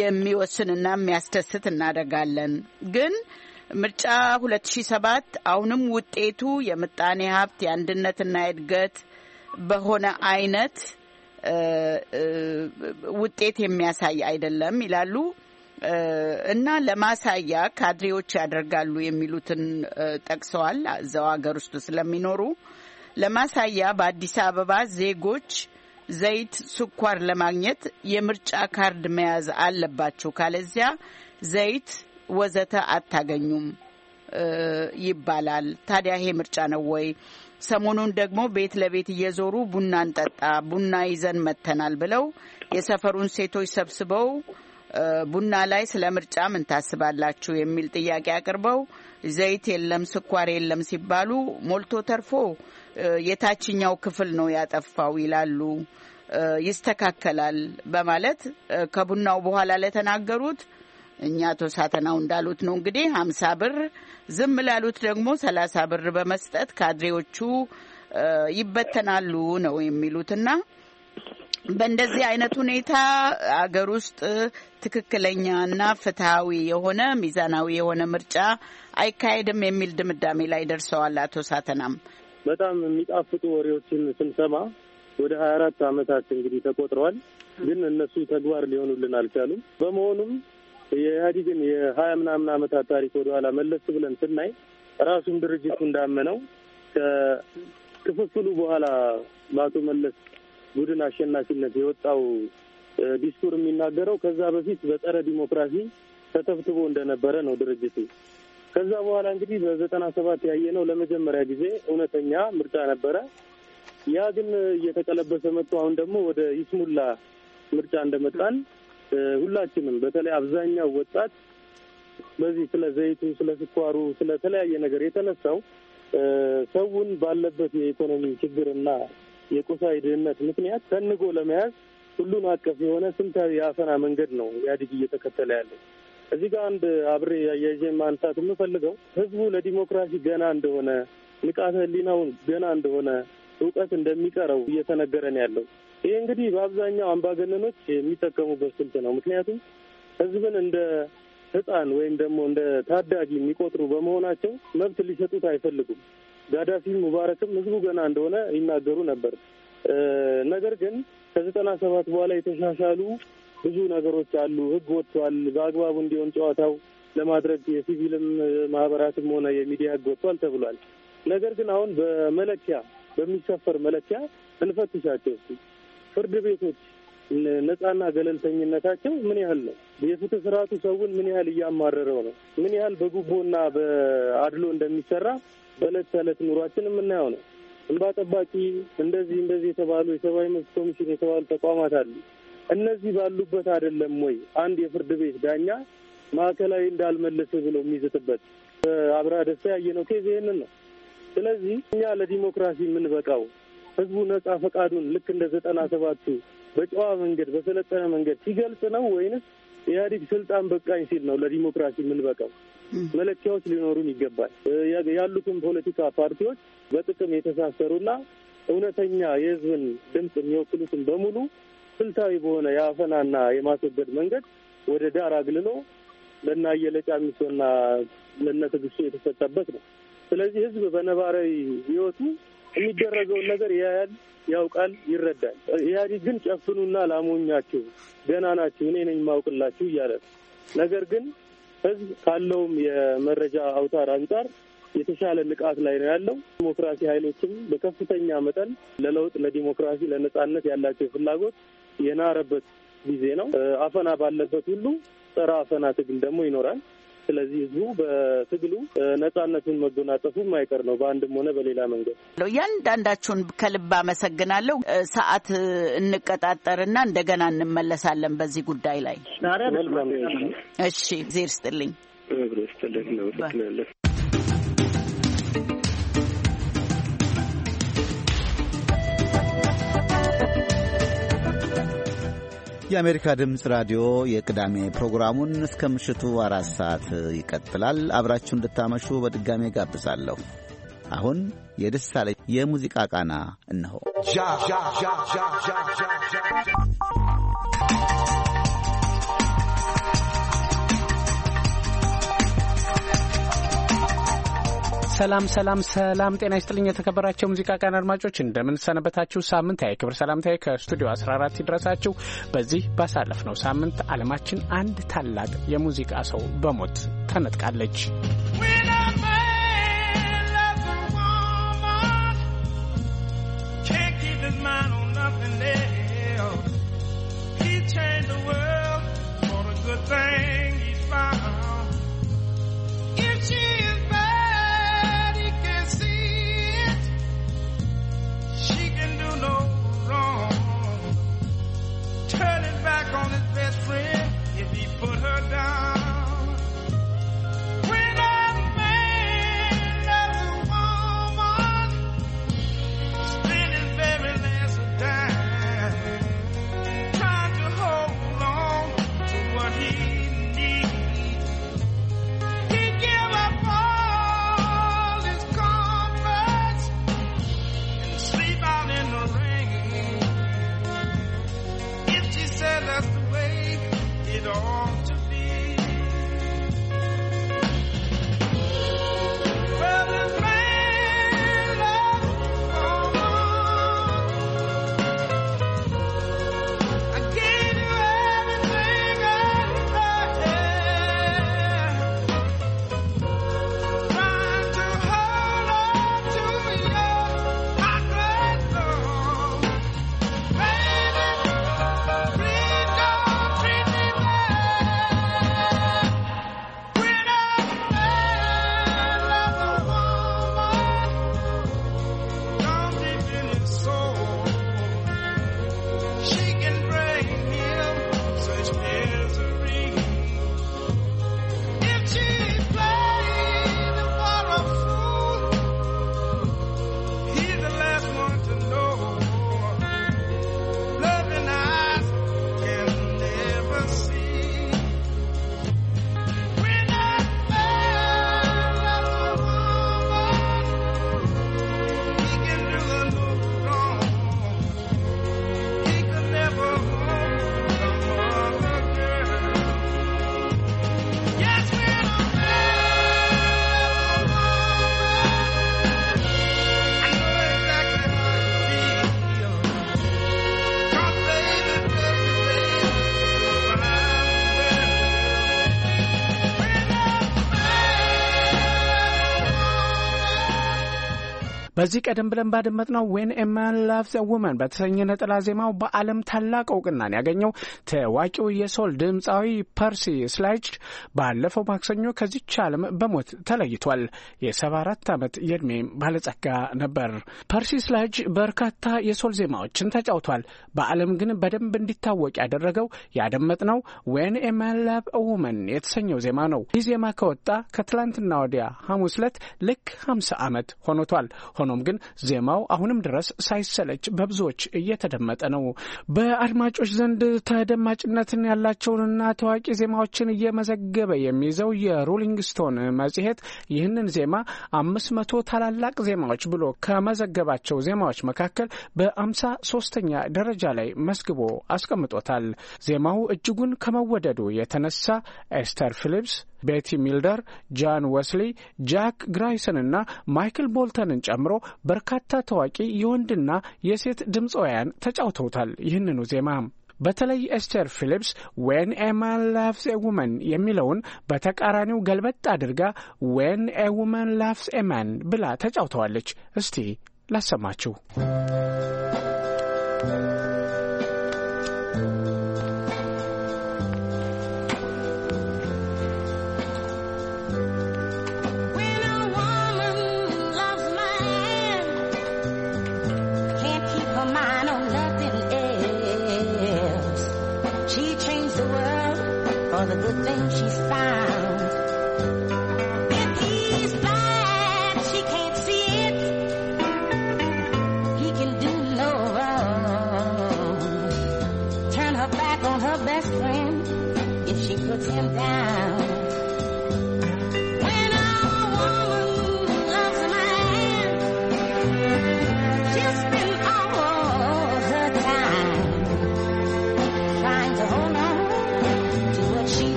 የሚወስንና የሚያስደስት እናደርጋለን። ግን ምርጫ 2007 አሁንም ውጤቱ የምጣኔ ሀብት የአንድነትና የእድገት በሆነ አይነት ውጤት የሚያሳይ አይደለም ይላሉ እና ለማሳያ ካድሬዎች ያደርጋሉ የሚሉትን ጠቅሰዋል። እዛው ሀገር ውስጥ ስለሚኖሩ ለማሳያ በአዲስ አበባ ዜጎች ዘይት፣ ስኳር ለማግኘት የምርጫ ካርድ መያዝ አለባቸው ካለዚያ ዘይት ወዘተ አታገኙም ይባላል። ታዲያ ይሄ ምርጫ ነው ወይ? ሰሞኑን ደግሞ ቤት ለቤት እየዞሩ ቡና እንጠጣ፣ ቡና ይዘን መጥተናል ብለው የሰፈሩን ሴቶች ሰብስበው ቡና ላይ ስለ ምርጫ ምን ታስባላችሁ የሚል ጥያቄ አቅርበው ዘይት የለም ስኳር የለም ሲባሉ ሞልቶ ተርፎ የታችኛው ክፍል ነው ያጠፋው ይላሉ፣ ይስተካከላል በማለት ከቡናው በኋላ ለተናገሩት እኛ አቶ ሳተናው እንዳሉት ነው እንግዲህ ሀምሳ ብር ዝም ላሉት ደግሞ ሰላሳ ብር በመስጠት ካድሬዎቹ ይበተናሉ ነው የሚሉትና በእንደዚህ አይነት ሁኔታ አገር ውስጥ ትክክለኛና ፍትሐዊ የሆነ ሚዛናዊ የሆነ ምርጫ አይካሄድም የሚል ድምዳሜ ላይ ደርሰዋል። አቶ ሳተናም በጣም የሚጣፍጡ ወሬዎችን ስንሰማ ወደ ሀያ አራት አመታት እንግዲህ ተቆጥረዋል። ግን እነሱ ተግባር ሊሆኑልን አልቻሉም። በመሆኑም የኢህአዴግን የሀያ ምናምን ዓመታት ታሪክ ወደኋላ መለስ ብለን ስናይ ራሱም ድርጅቱ እንዳመነው ከክፍፍሉ በኋላ በአቶ መለስ ቡድን አሸናፊነት የወጣው ዲስኩር የሚናገረው ከዛ በፊት በጸረ ዲሞክራሲ ተተብትቦ እንደነበረ ነው ድርጅቱ። ከዛ በኋላ እንግዲህ በዘጠና ሰባት ያየነው ለመጀመሪያ ጊዜ እውነተኛ ምርጫ ነበረ። ያ ግን እየተቀለበሰ መጥቶ አሁን ደግሞ ወደ ይስሙላ ምርጫ እንደመጣን ሁላችንም በተለይ አብዛኛው ወጣት በዚህ ስለ ዘይቱ፣ ስለ ስኳሩ፣ ስለተለያየ ነገር የተነሳው ሰውን ባለበት የኢኮኖሚ ችግርና የቁሳዊ ድህነት ምክንያት ሰንጎ ለመያዝ ሁሉን አቀፍ የሆነ ስምታዊ የአፈና መንገድ ነው ኢህአዴግ እየተከተለ ያለው። እዚህ ጋር አንድ አብሬ አያይዤ ማንሳት የምፈልገው ህዝቡ ለዲሞክራሲ ገና እንደሆነ ንቃተ ህሊናውን ገና እንደሆነ እውቀት እንደሚቀረው እየተነገረን ያለው ይህ እንግዲህ በአብዛኛው አምባገነኖች የሚጠቀሙበት ስልት ነው። ምክንያቱም ህዝብን እንደ ህፃን ወይም ደግሞ እንደ ታዳጊ የሚቆጥሩ በመሆናቸው መብት ሊሰጡት አይፈልጉም። ጋዳፊም ሙባረክም ህዝቡ ገና እንደሆነ ይናገሩ ነበር። ነገር ግን ከዘጠና ሰባት በኋላ የተሻሻሉ ብዙ ነገሮች አሉ። ህግ ወጥቷል። በአግባቡ እንዲሆን ጨዋታው ለማድረግ የሲቪልም ማህበራትም ሆነ የሚዲያ ህግ ወጥቷል ተብሏል። ነገር ግን አሁን በመለኪያ በሚሰፈር መለኪያ እንፈትሻቸው እስኪ ፍርድ ቤቶች ነጻና ገለልተኝነታቸው ምን ያህል ነው? የፍትህ ስርዓቱ ሰውን ምን ያህል እያማረረው ነው? ምን ያህል በጉቦና በአድሎ እንደሚሰራ በእለት ተዕለት ኑሯችን የምናየው ነው። እንባ ጠባቂ እንደዚህ እንደዚህ የተባሉ የሰብአዊ መብት ኮሚሽን የተባሉ ተቋማት አሉ። እነዚህ ባሉበት አይደለም ወይ አንድ የፍርድ ቤት ዳኛ ማዕከላዊ እንዳልመለስ ብሎ የሚዝትበት? በአብርሃ ደስታ ያየነው ኬዝ ይህንን ነው። ስለዚህ እኛ ለዲሞክራሲ የምንበቃው ህዝቡ ነጻ ፈቃዱን ልክ እንደ ዘጠና ሰባቱ በጨዋ መንገድ በሰለጠነ መንገድ ሲገልጽ ነው ወይንስ ኢህአዴግ ስልጣን በቃኝ ሲል ነው ለዲሞክራሲ የምንበቃው? መለኪያዎች ሊኖሩን ይገባል። ያሉትን ፖለቲካ ፓርቲዎች በጥቅም የተሳሰሩና እውነተኛ የህዝብን ድምፅ የሚወክሉትን በሙሉ ስልታዊ በሆነ የአፈናና የማስወገድ መንገድ ወደ ዳር አግልሎ ለእነ አየለ ጫሚሶና ለእነ ትዕግስቱ የተሰጠበት ነው። ስለዚህ ህዝብ በነባራዊ ህይወቱ የሚደረገውን ነገር ያያል፣ ያውቃል፣ ይረዳል። ኢህአዴግ ግን ጨፍኑና ላሞኛችሁ ገና ናችሁ እኔ ነኝ የማውቅላችሁ እያለ ነው። ነገር ግን ህዝብ ካለውም የመረጃ አውታር አንጻር የተሻለ ንቃት ላይ ነው ያለው። ዲሞክራሲ ኃይሎችም በከፍተኛ መጠን ለለውጥ፣ ለዲሞክራሲ፣ ለነጻነት ያላቸው ፍላጎት የናረበት ጊዜ ነው። አፈና ባለበት ሁሉ ጸረ አፈና ትግል ደግሞ ይኖራል። ስለዚህ ህዝቡ በትግሉ ነጻነቱን መጎናጸፉ የማይቀር ነው በአንድም ሆነ በሌላ መንገድ። እያንዳንዳችሁን ከልብ አመሰግናለሁ። ሰዓት እንቀጣጠርና እንደገና እንመለሳለን በዚህ ጉዳይ ላይ እሺ። ዜር ስጥልኝ ስጥልኝ የአሜሪካ ድምፅ ራዲዮ የቅዳሜ ፕሮግራሙን እስከ ምሽቱ አራት ሰዓት ይቀጥላል። አብራችሁ እንድታመሹ በድጋሜ ጋብዛለሁ። አሁን የደሳለኝ የሙዚቃ ቃና እነሆ። ሰላም ሰላም ሰላም፣ ጤና ይስጥልኝ የተከበራቸው ሙዚቃ ቀን አድማጮች እንደምንሰነበታችሁ። ሳምንታዊ ክብር ሰላምታዊ ከስቱዲዮ 14 ይድረሳችሁ። በዚህ ባሳለፍነው ሳምንት ዓለማችን አንድ ታላቅ የሙዚቃ ሰው በሞት ተነጥቃለች። thing. turning back on his best friend if he put her down. በዚህ ቀደም ብለን ባደመጥነው ዌን ኤ ማን ላቭስ ኤ ውመን በተሰኘ ነጠላ ዜማው በዓለም ታላቅ እውቅናን ያገኘው ታዋቂው የሶል ድምፃዊ ፐርሲ ስላጅ ባለፈው ማክሰኞ ከዚች ዓለም በሞት ተለይቷል። የሰባ አራት ዓመት የዕድሜ ባለጸጋ ነበር። ፐርሲ ስላጅ በርካታ የሶል ዜማዎችን ተጫውቷል። በዓለም ግን በደንብ እንዲታወቅ ያደረገው ያደመጥነው ዌን ኤ ማን ላቭ ኤ ውመን የተሰኘው ዜማ ነው። ይህ ዜማ ከወጣ ከትላንትና ወዲያ ሐሙስ ዕለት ልክ 50 ዓመት ሆኖቷል። ሆኖም ግን ዜማው አሁንም ድረስ ሳይሰለች በብዙዎች እየተደመጠ ነው። በአድማጮች ዘንድ ተደማጭነትን ያላቸውንና ታዋቂ ዜማዎችን እየመዘገበ የሚይዘው የሮሊንግ ስቶን መጽሔት ይህንን ዜማ አምስት መቶ ታላላቅ ዜማዎች ብሎ ከመዘገባቸው ዜማዎች መካከል በአምሳ ሶስተኛ ደረጃ ላይ መስግቦ አስቀምጦታል። ዜማው እጅጉን ከመወደዱ የተነሳ ኤስተር ፊሊፕስ ቤቲ ሚልደር፣ ጃን ወስሊ፣ ጃክ እና ማይክል ቦልተንን ጨምሮ በርካታ ታዋቂ የወንድና የሴት ድምፃውያን ተጫውተውታል ይህንኑ ዜማ። በተለይ ኤስቴር ፊሊፕስ ዌን ኤ ማን ላቭስ ኤ ውመን የሚለውን በተቃራኒው ገልበጥ አድርጋ ዌን ኤ ውመን ላቭስ ኤ ማን ብላ ተጫውተዋለች። እስቲ ላሰማችሁ።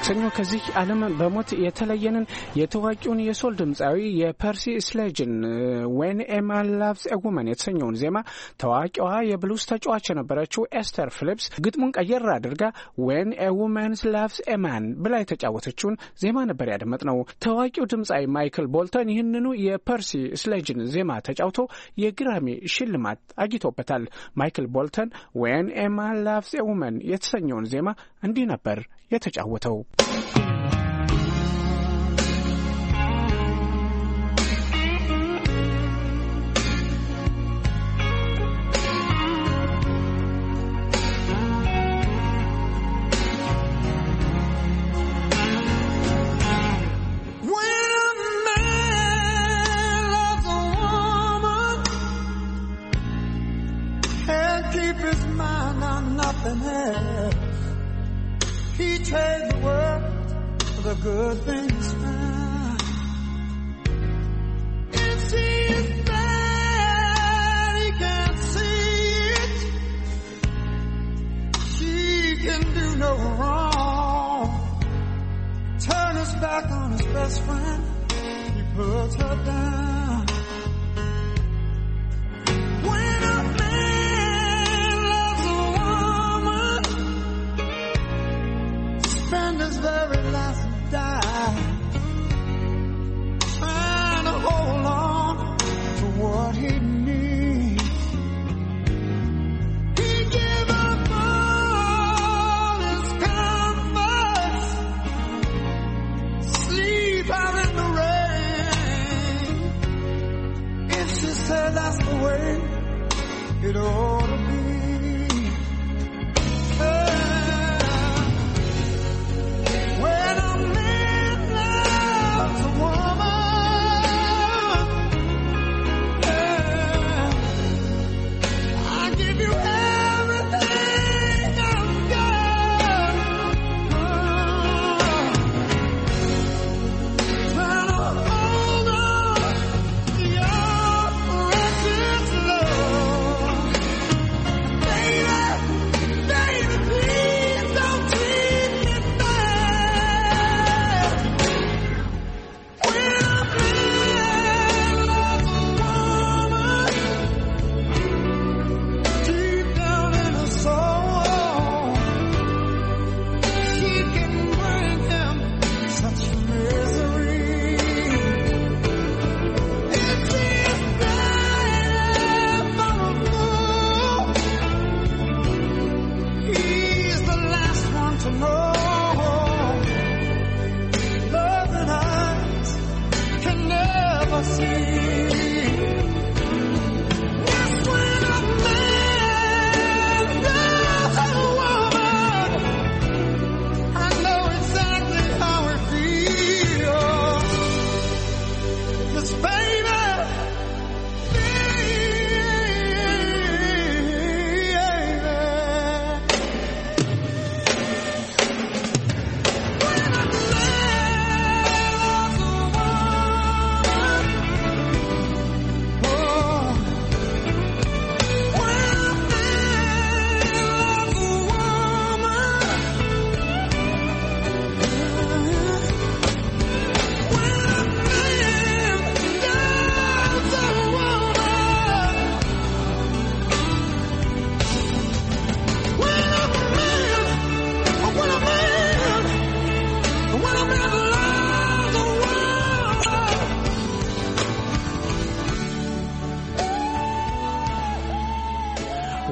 ማክሰኞ ከዚህ ዓለም በሞት የተለየንን የታዋቂውን የሶል ድምፃዊ የፐርሲ ስሌጅን ዌን ኤማ ላቭስ ኤጉመን የተሰኘውን ዜማ ታዋቂዋ የብሉስ ተጫዋች የነበረችው ኤስተር ፊሊፕስ ግጥሙን ቀየር አድርጋ ዌን ኤውመንስ ላቭስ ኤማን ብላ የተጫወተችውን ዜማ ነበር ያደመጥ ነው። ታዋቂው ድምፃዊ ማይክል ቦልተን ይህንኑ የፐርሲ ስሌጅን ዜማ ተጫውቶ የግራሚ ሽልማት አግኝቶበታል። ማይክል ቦልተን ዌን ኤማ ላቭስ ኤውመን የተሰኘውን ዜማ እንዲህ ነበር የተጫወተው።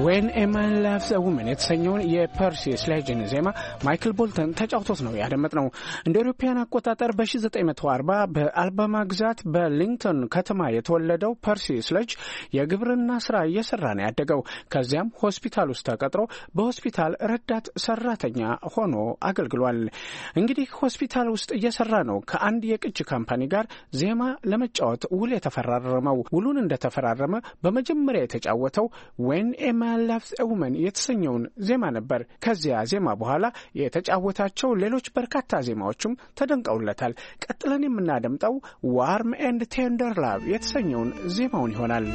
ዌን ኤማን ላቭስ ውመን የተሰኘውን የፐርሲስ ስሌጅን ዜማ ማይክል ቦልተን ተጫውቶት ነው ያደመጥ ነው። እንደ አውሮፓውያን አቆጣጠር በ1940 በአልባማ ግዛት በሊንግተን ከተማ የተወለደው ፐርሲስ ስሌጅ የግብርና ስራ እየሰራ ነው ያደገው። ከዚያም ሆስፒታል ውስጥ ተቀጥሮ በሆስፒታል ረዳት ሰራተኛ ሆኖ አገልግሏል። እንግዲህ ሆስፒታል ውስጥ እየሰራ ነው ከአንድ የቅጅ ካምፓኒ ጋር ዜማ ለመጫወት ውል የተፈራረመው። ውሉን እንደተፈራረመ በመጀመሪያ የተጫወተው ዌን ኤማ ማን ላቭስ የተሰኘውን ዜማ ነበር። ከዚያ ዜማ በኋላ የተጫወታቸው ሌሎች በርካታ ዜማዎችም ተደንቀውለታል። ቀጥለን የምናደምጠው ዋርም ኤንድ ቴንደር ላቭ የተሰኘውን ዜማውን ይሆናል።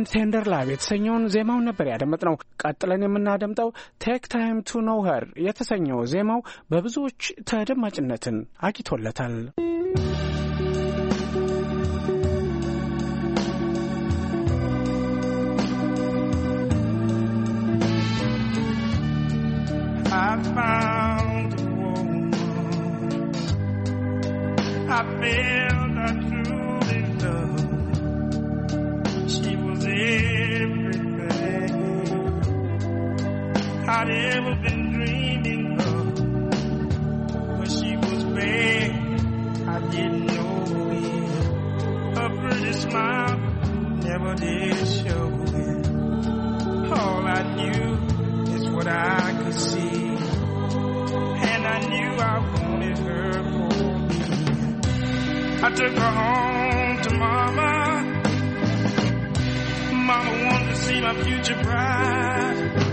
ዊን ቴንደር ላቭ የተሰኘውን ዜማውን ነበር ያደመጥነው። ቀጥለን የምናደምጠው ቴክ ታይም ቱ ኖው ኸር የተሰኘው ዜማው በብዙዎች ተደማጭነትን አግኝቶለታል። I found a woman. I'd ever been dreaming of. but she was big, I didn't know it. Her pretty smile never did show it. All I knew is what I could see. And I knew I wanted her for me. I took her home to mama. Mama wanted to see my future bride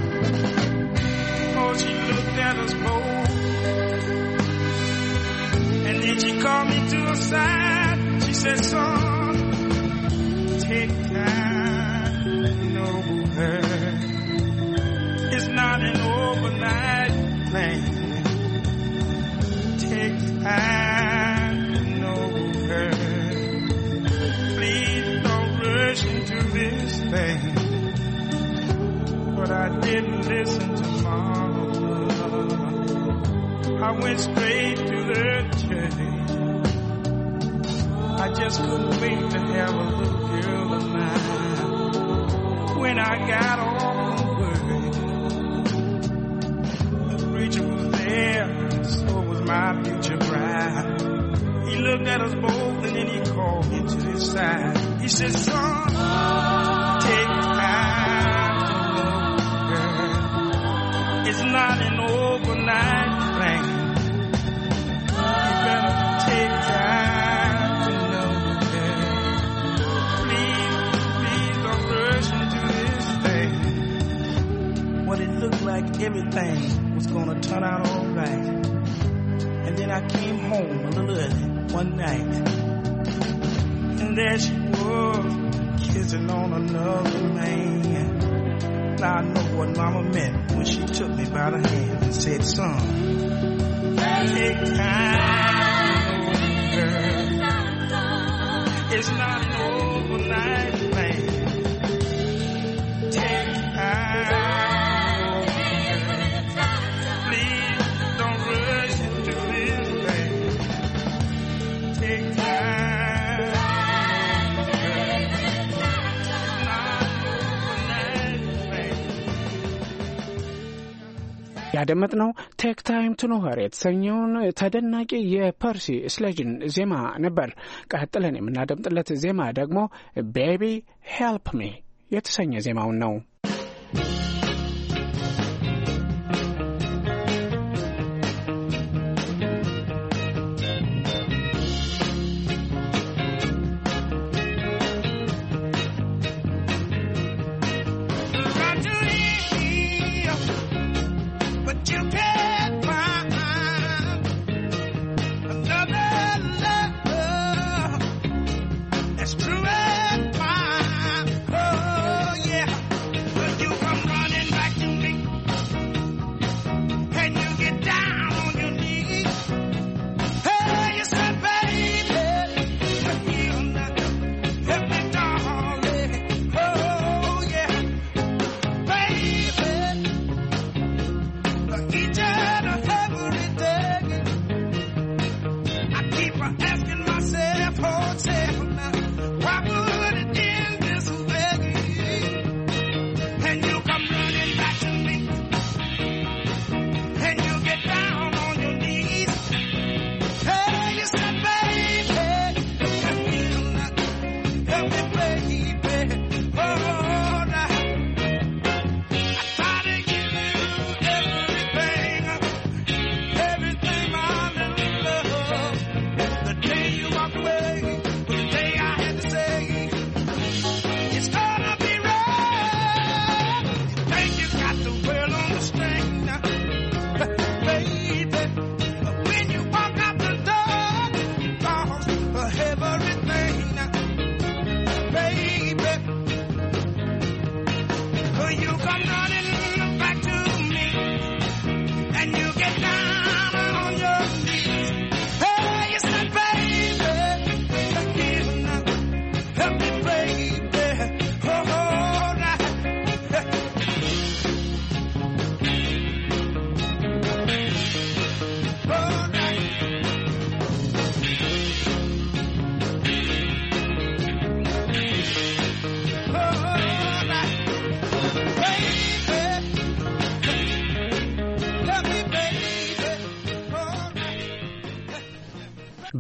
she looked at us both. And then she called me to her side. She said, son, take time, know her. It's not an overnight thing. Take time, know her. Please don't rush into this thing. But I didn't listen I went straight to the church. I just couldn't wait to have a little girl of mine. When I got on the work, the preacher was there, so was my future bride. He looked at us both and then he called me to his side. He said, son. everything was gonna turn out alright. And then I came home a little early one night. And there she was, kissing on another man. Now I know what mama meant when she took me by the hand and said, son, take time, girl. It's not ያደመጥነው ቴክ ታይም ቱ የተሰኘውን ተደናቂ የፐርሲ ስለጅን ዜማ ነበር። ቀጥለን የምናደምጥለት ዜማ ደግሞ ቤቢ ሄልፕ ሚ የተሰኘ ዜማውን ነው።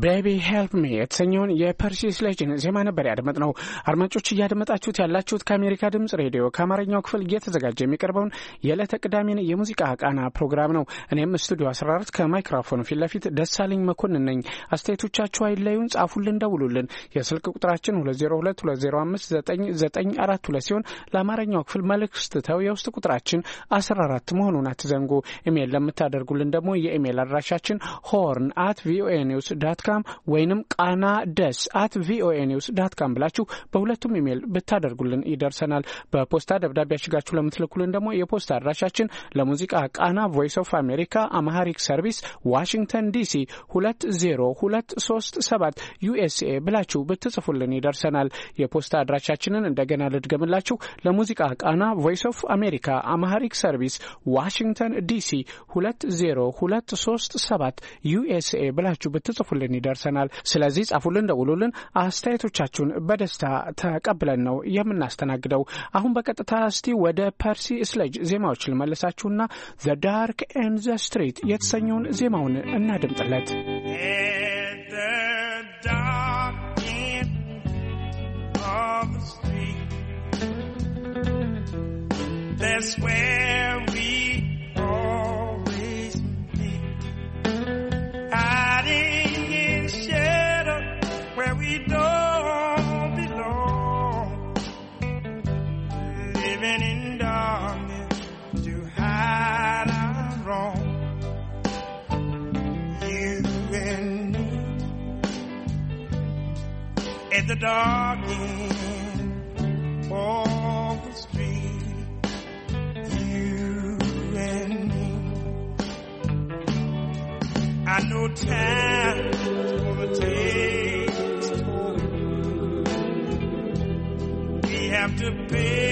ቤቢ ሄልፕ ሚ የተሰኘውን የፐርሲስ ሌጅን ዜማ ነበር ያደመጥ ነው። አድማጮች እያደመጣችሁት ያላችሁት ከአሜሪካ ድምጽ ሬዲዮ ከአማርኛው ክፍል እየተዘጋጀ የሚቀርበውን የዕለተ ቅዳሜን የሙዚቃ ቃና ፕሮግራም ነው። እኔም ስቱዲዮ 14 ከማይክሮፎኑ ፊት ለፊት ደሳለኝ መኮንን ነኝ። አስተያየቶቻችሁ አይለዩን፣ ጻፉልን፣ ደውሉልን። የስልክ ቁጥራችን 2022059942 ሲሆን ለአማርኛው ክፍል መልእክት ስትተው የውስጥ ቁጥራችን 14 መሆኑን አትዘንጉ። ኢሜይል ለምታደርጉልን ደግሞ የኢሜይል አድራሻችን ሆርን አት ቪኦኤ ኒውስ ዳት ካም ቴሌግራም ወይንም ቃና ደስ አት ቪኦኤ ኒውስ ዳት ካም ብላችሁ በሁለቱም ኢሜይል ብታደርጉልን ይደርሰናል። በፖስታ ደብዳቤ ያሽጋችሁ ለምትልኩልን ደግሞ የፖስታ አድራሻችን ለሙዚቃ ቃና ቮይስ ኦፍ አሜሪካ አማሃሪክ ሰርቪስ ዋሽንግተን ዲሲ ሰባት ዩኤስኤ ብላችሁ ብትጽፉልን ይደርሰናል። የፖስታ አድራሻችንን እንደገና ልድገምላችሁ። ለሙዚቃ ቃና ቮይስ ኦፍ አሜሪካ አማሃሪክ ሰርቪስ ዋሽንግተን ዲሲ ሰባት ዩኤስኤ ብላችሁ ብትጽፉልን ይደርሰናል። ስለዚህ ጻፉልን፣ ደውሉልን። አስተያየቶቻችሁን በደስታ ተቀብለን ነው የምናስተናግደው። አሁን በቀጥታ እስቲ ወደ ፐርሲ ስለጅ ዜማዎች ልመልሳችሁና ዘ ዳርክ ኤን ዘ ስትሪት የተሰኘውን ዜማውን እናድምጥለት። That's where to hide our wrong. You and me at the dark end of the street. You and me. I know time going take We have to pay.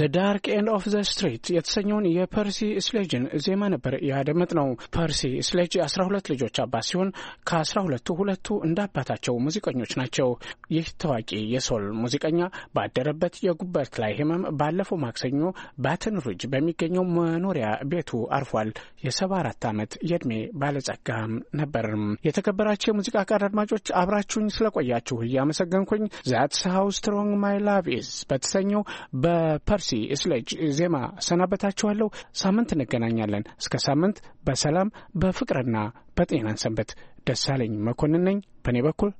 ዘ ዳርክ ኤንድ ኦፍ ዘ ስትሪት የተሰኘውን የፐርሲ ስሌጅን ዜማ ነበር ያደመጥ ነው። ፐርሲ ስሌጅ የአስራ ሁለት ልጆች አባት ሲሆን ከአስራ ሁለቱ ሁለቱ እንደ አባታቸው ሙዚቀኞች ናቸው። ይህ ታዋቂ የሶል ሙዚቀኛ ባደረበት የጉበት ላይ ህመም ባለፈው ማክሰኞ ባትን ሩጅ በሚገኘው መኖሪያ ቤቱ አርፏል። የሰባ አራት ዓመት የእድሜ ባለጸጋም ነበርም። የተከበራቸው የሙዚቃ ቃር አድማጮች አብራችሁኝ ስለቆያችሁ እያመሰገንኩኝ ዛትስ ሃው ስትሮንግ ማይ ላቭ ኢዝ በተሰኘው በፐርሲ ስለጅ ዜማ ሰናበታችኋለሁ። ሳምንት እንገናኛለን። እስከ ሳምንት በሰላም በፍቅርና በጤናን ሰንበት። ደሳለኝ መኮንን ነኝ። በእኔ በኩል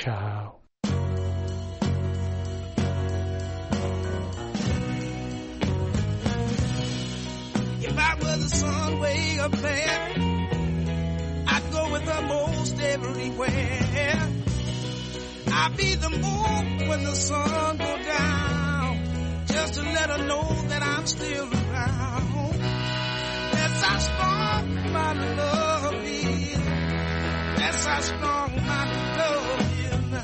ቻው። If I were the sun way up there, I'd go with her most everywhere. I'd be the moon when the sun go down. just to let her know that I'm still around. That's how strong my love is. That's how strong my love is.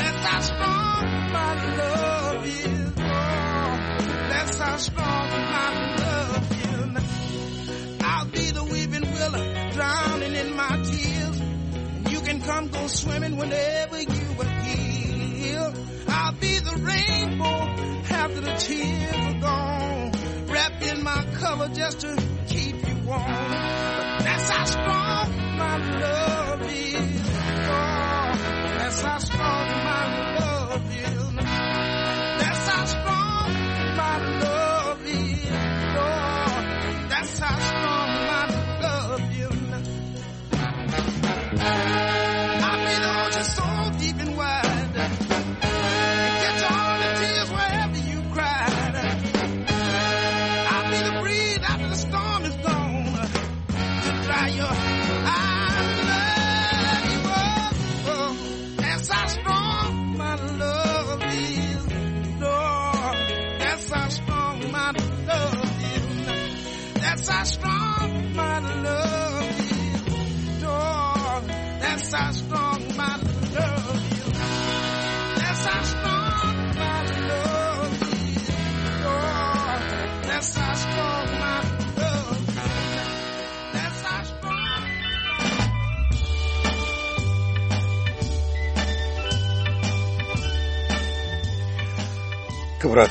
That's how strong my love is. Oh, that's how strong my love is. I'll be the weeping willow, drowning in my tears. you can come go swimming whenever you be the rainbow after the tears are gone. Wrapped in my cover just to keep you warm. But that's how strong my love is. Oh, that's how strong my love is.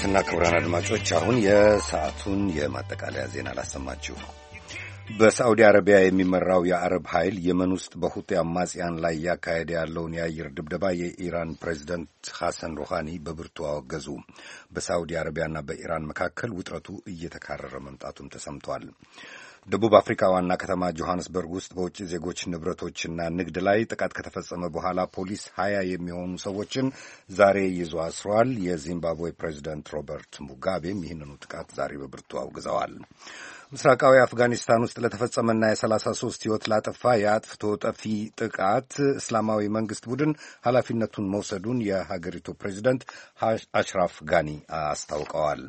ክቡራትና ክቡራን አድማጮች አሁን የሰዓቱን የማጠቃለያ ዜና ላሰማችሁ። በሳዑዲ አረቢያ የሚመራው የአረብ ኃይል የመን ውስጥ በሁቲ አማጽያን ላይ እያካሄደ ያለውን የአየር ድብደባ የኢራን ፕሬዚደንት ሐሰን ሩሃኒ በብርቱ አወገዙ። በሳዑዲ አረቢያና በኢራን መካከል ውጥረቱ እየተካረረ መምጣቱም ተሰምቷል። ደቡብ አፍሪካ ዋና ከተማ ጆሐንስበርግ ውስጥ በውጭ ዜጎች ንብረቶችና ንግድ ላይ ጥቃት ከተፈጸመ በኋላ ፖሊስ ሀያ የሚሆኑ ሰዎችን ዛሬ ይዞ አስረዋል። የዚምባብዌ ፕሬዚደንት ሮበርት ሙጋቤም ይህንኑ ጥቃት ዛሬ በብርቱ አውግዘዋል። ምስራቃዊ አፍጋኒስታን ውስጥ ለተፈጸመና የሰላሳ ሶስት ሕይወት ላጠፋ የአጥፍቶ ጠፊ ጥቃት እስላማዊ መንግስት ቡድን ኃላፊነቱን መውሰዱን የሀገሪቱ ፕሬዚደንት አሽራፍ ጋኒ አስታውቀዋል።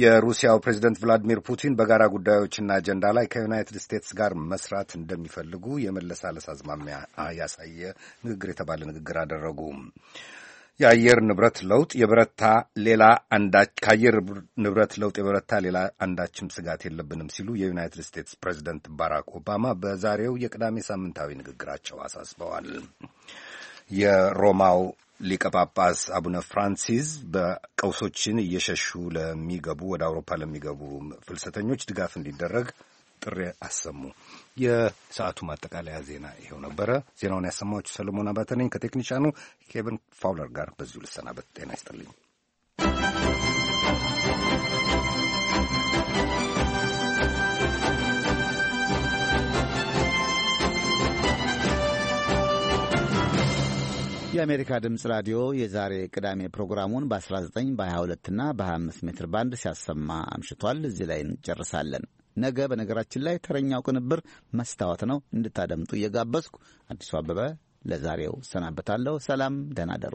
የሩሲያው ፕሬዚደንት ቭላዲሚር ፑቲን በጋራ ጉዳዮችና አጀንዳ ላይ ከዩናይትድ ስቴትስ ጋር መስራት እንደሚፈልጉ የመለሳለስ አዝማሚያ ያሳየ ንግግር የተባለ ንግግር አደረጉ። የአየር ንብረት ለውጥ የበረታ ሌላ አንዳች ከአየር ንብረት ለውጥ የበረታ ሌላ አንዳችም ስጋት የለብንም ሲሉ የዩናይትድ ስቴትስ ፕሬዚደንት ባራክ ኦባማ በዛሬው የቅዳሜ ሳምንታዊ ንግግራቸው አሳስበዋል። የሮማው ሊቀ ጳጳስ አቡነ ፍራንሲስ በቀውሶችን እየሸሹ ለሚገቡ ወደ አውሮፓ ለሚገቡ ፍልሰተኞች ድጋፍ እንዲደረግ ጥሪ አሰሙ። የሰዓቱ ማጠቃለያ ዜና ይኸው ነበረ። ዜናውን ያሰማዎች ሰለሞን አባተ ነኝ። ከቴክኒሻኑ ኬቨን ፋውለር ጋር በዚሁ ልሰናበት። ጤና ይስጥልኝ። የአሜሪካ ድምፅ ራዲዮ የዛሬ ቅዳሜ ፕሮግራሙን በ19 በ22ና በ25 ሜትር ባንድ ሲያሰማ አምሽቷል። እዚህ ላይ እንጨርሳለን። ነገ በነገራችን ላይ ተረኛው ቅንብር መስታወት ነው። እንድታደምጡ እየጋበዝኩ አዲሱ አበበ ለዛሬው ሰናበታለሁ። ሰላም፣ ደህና ደሩ።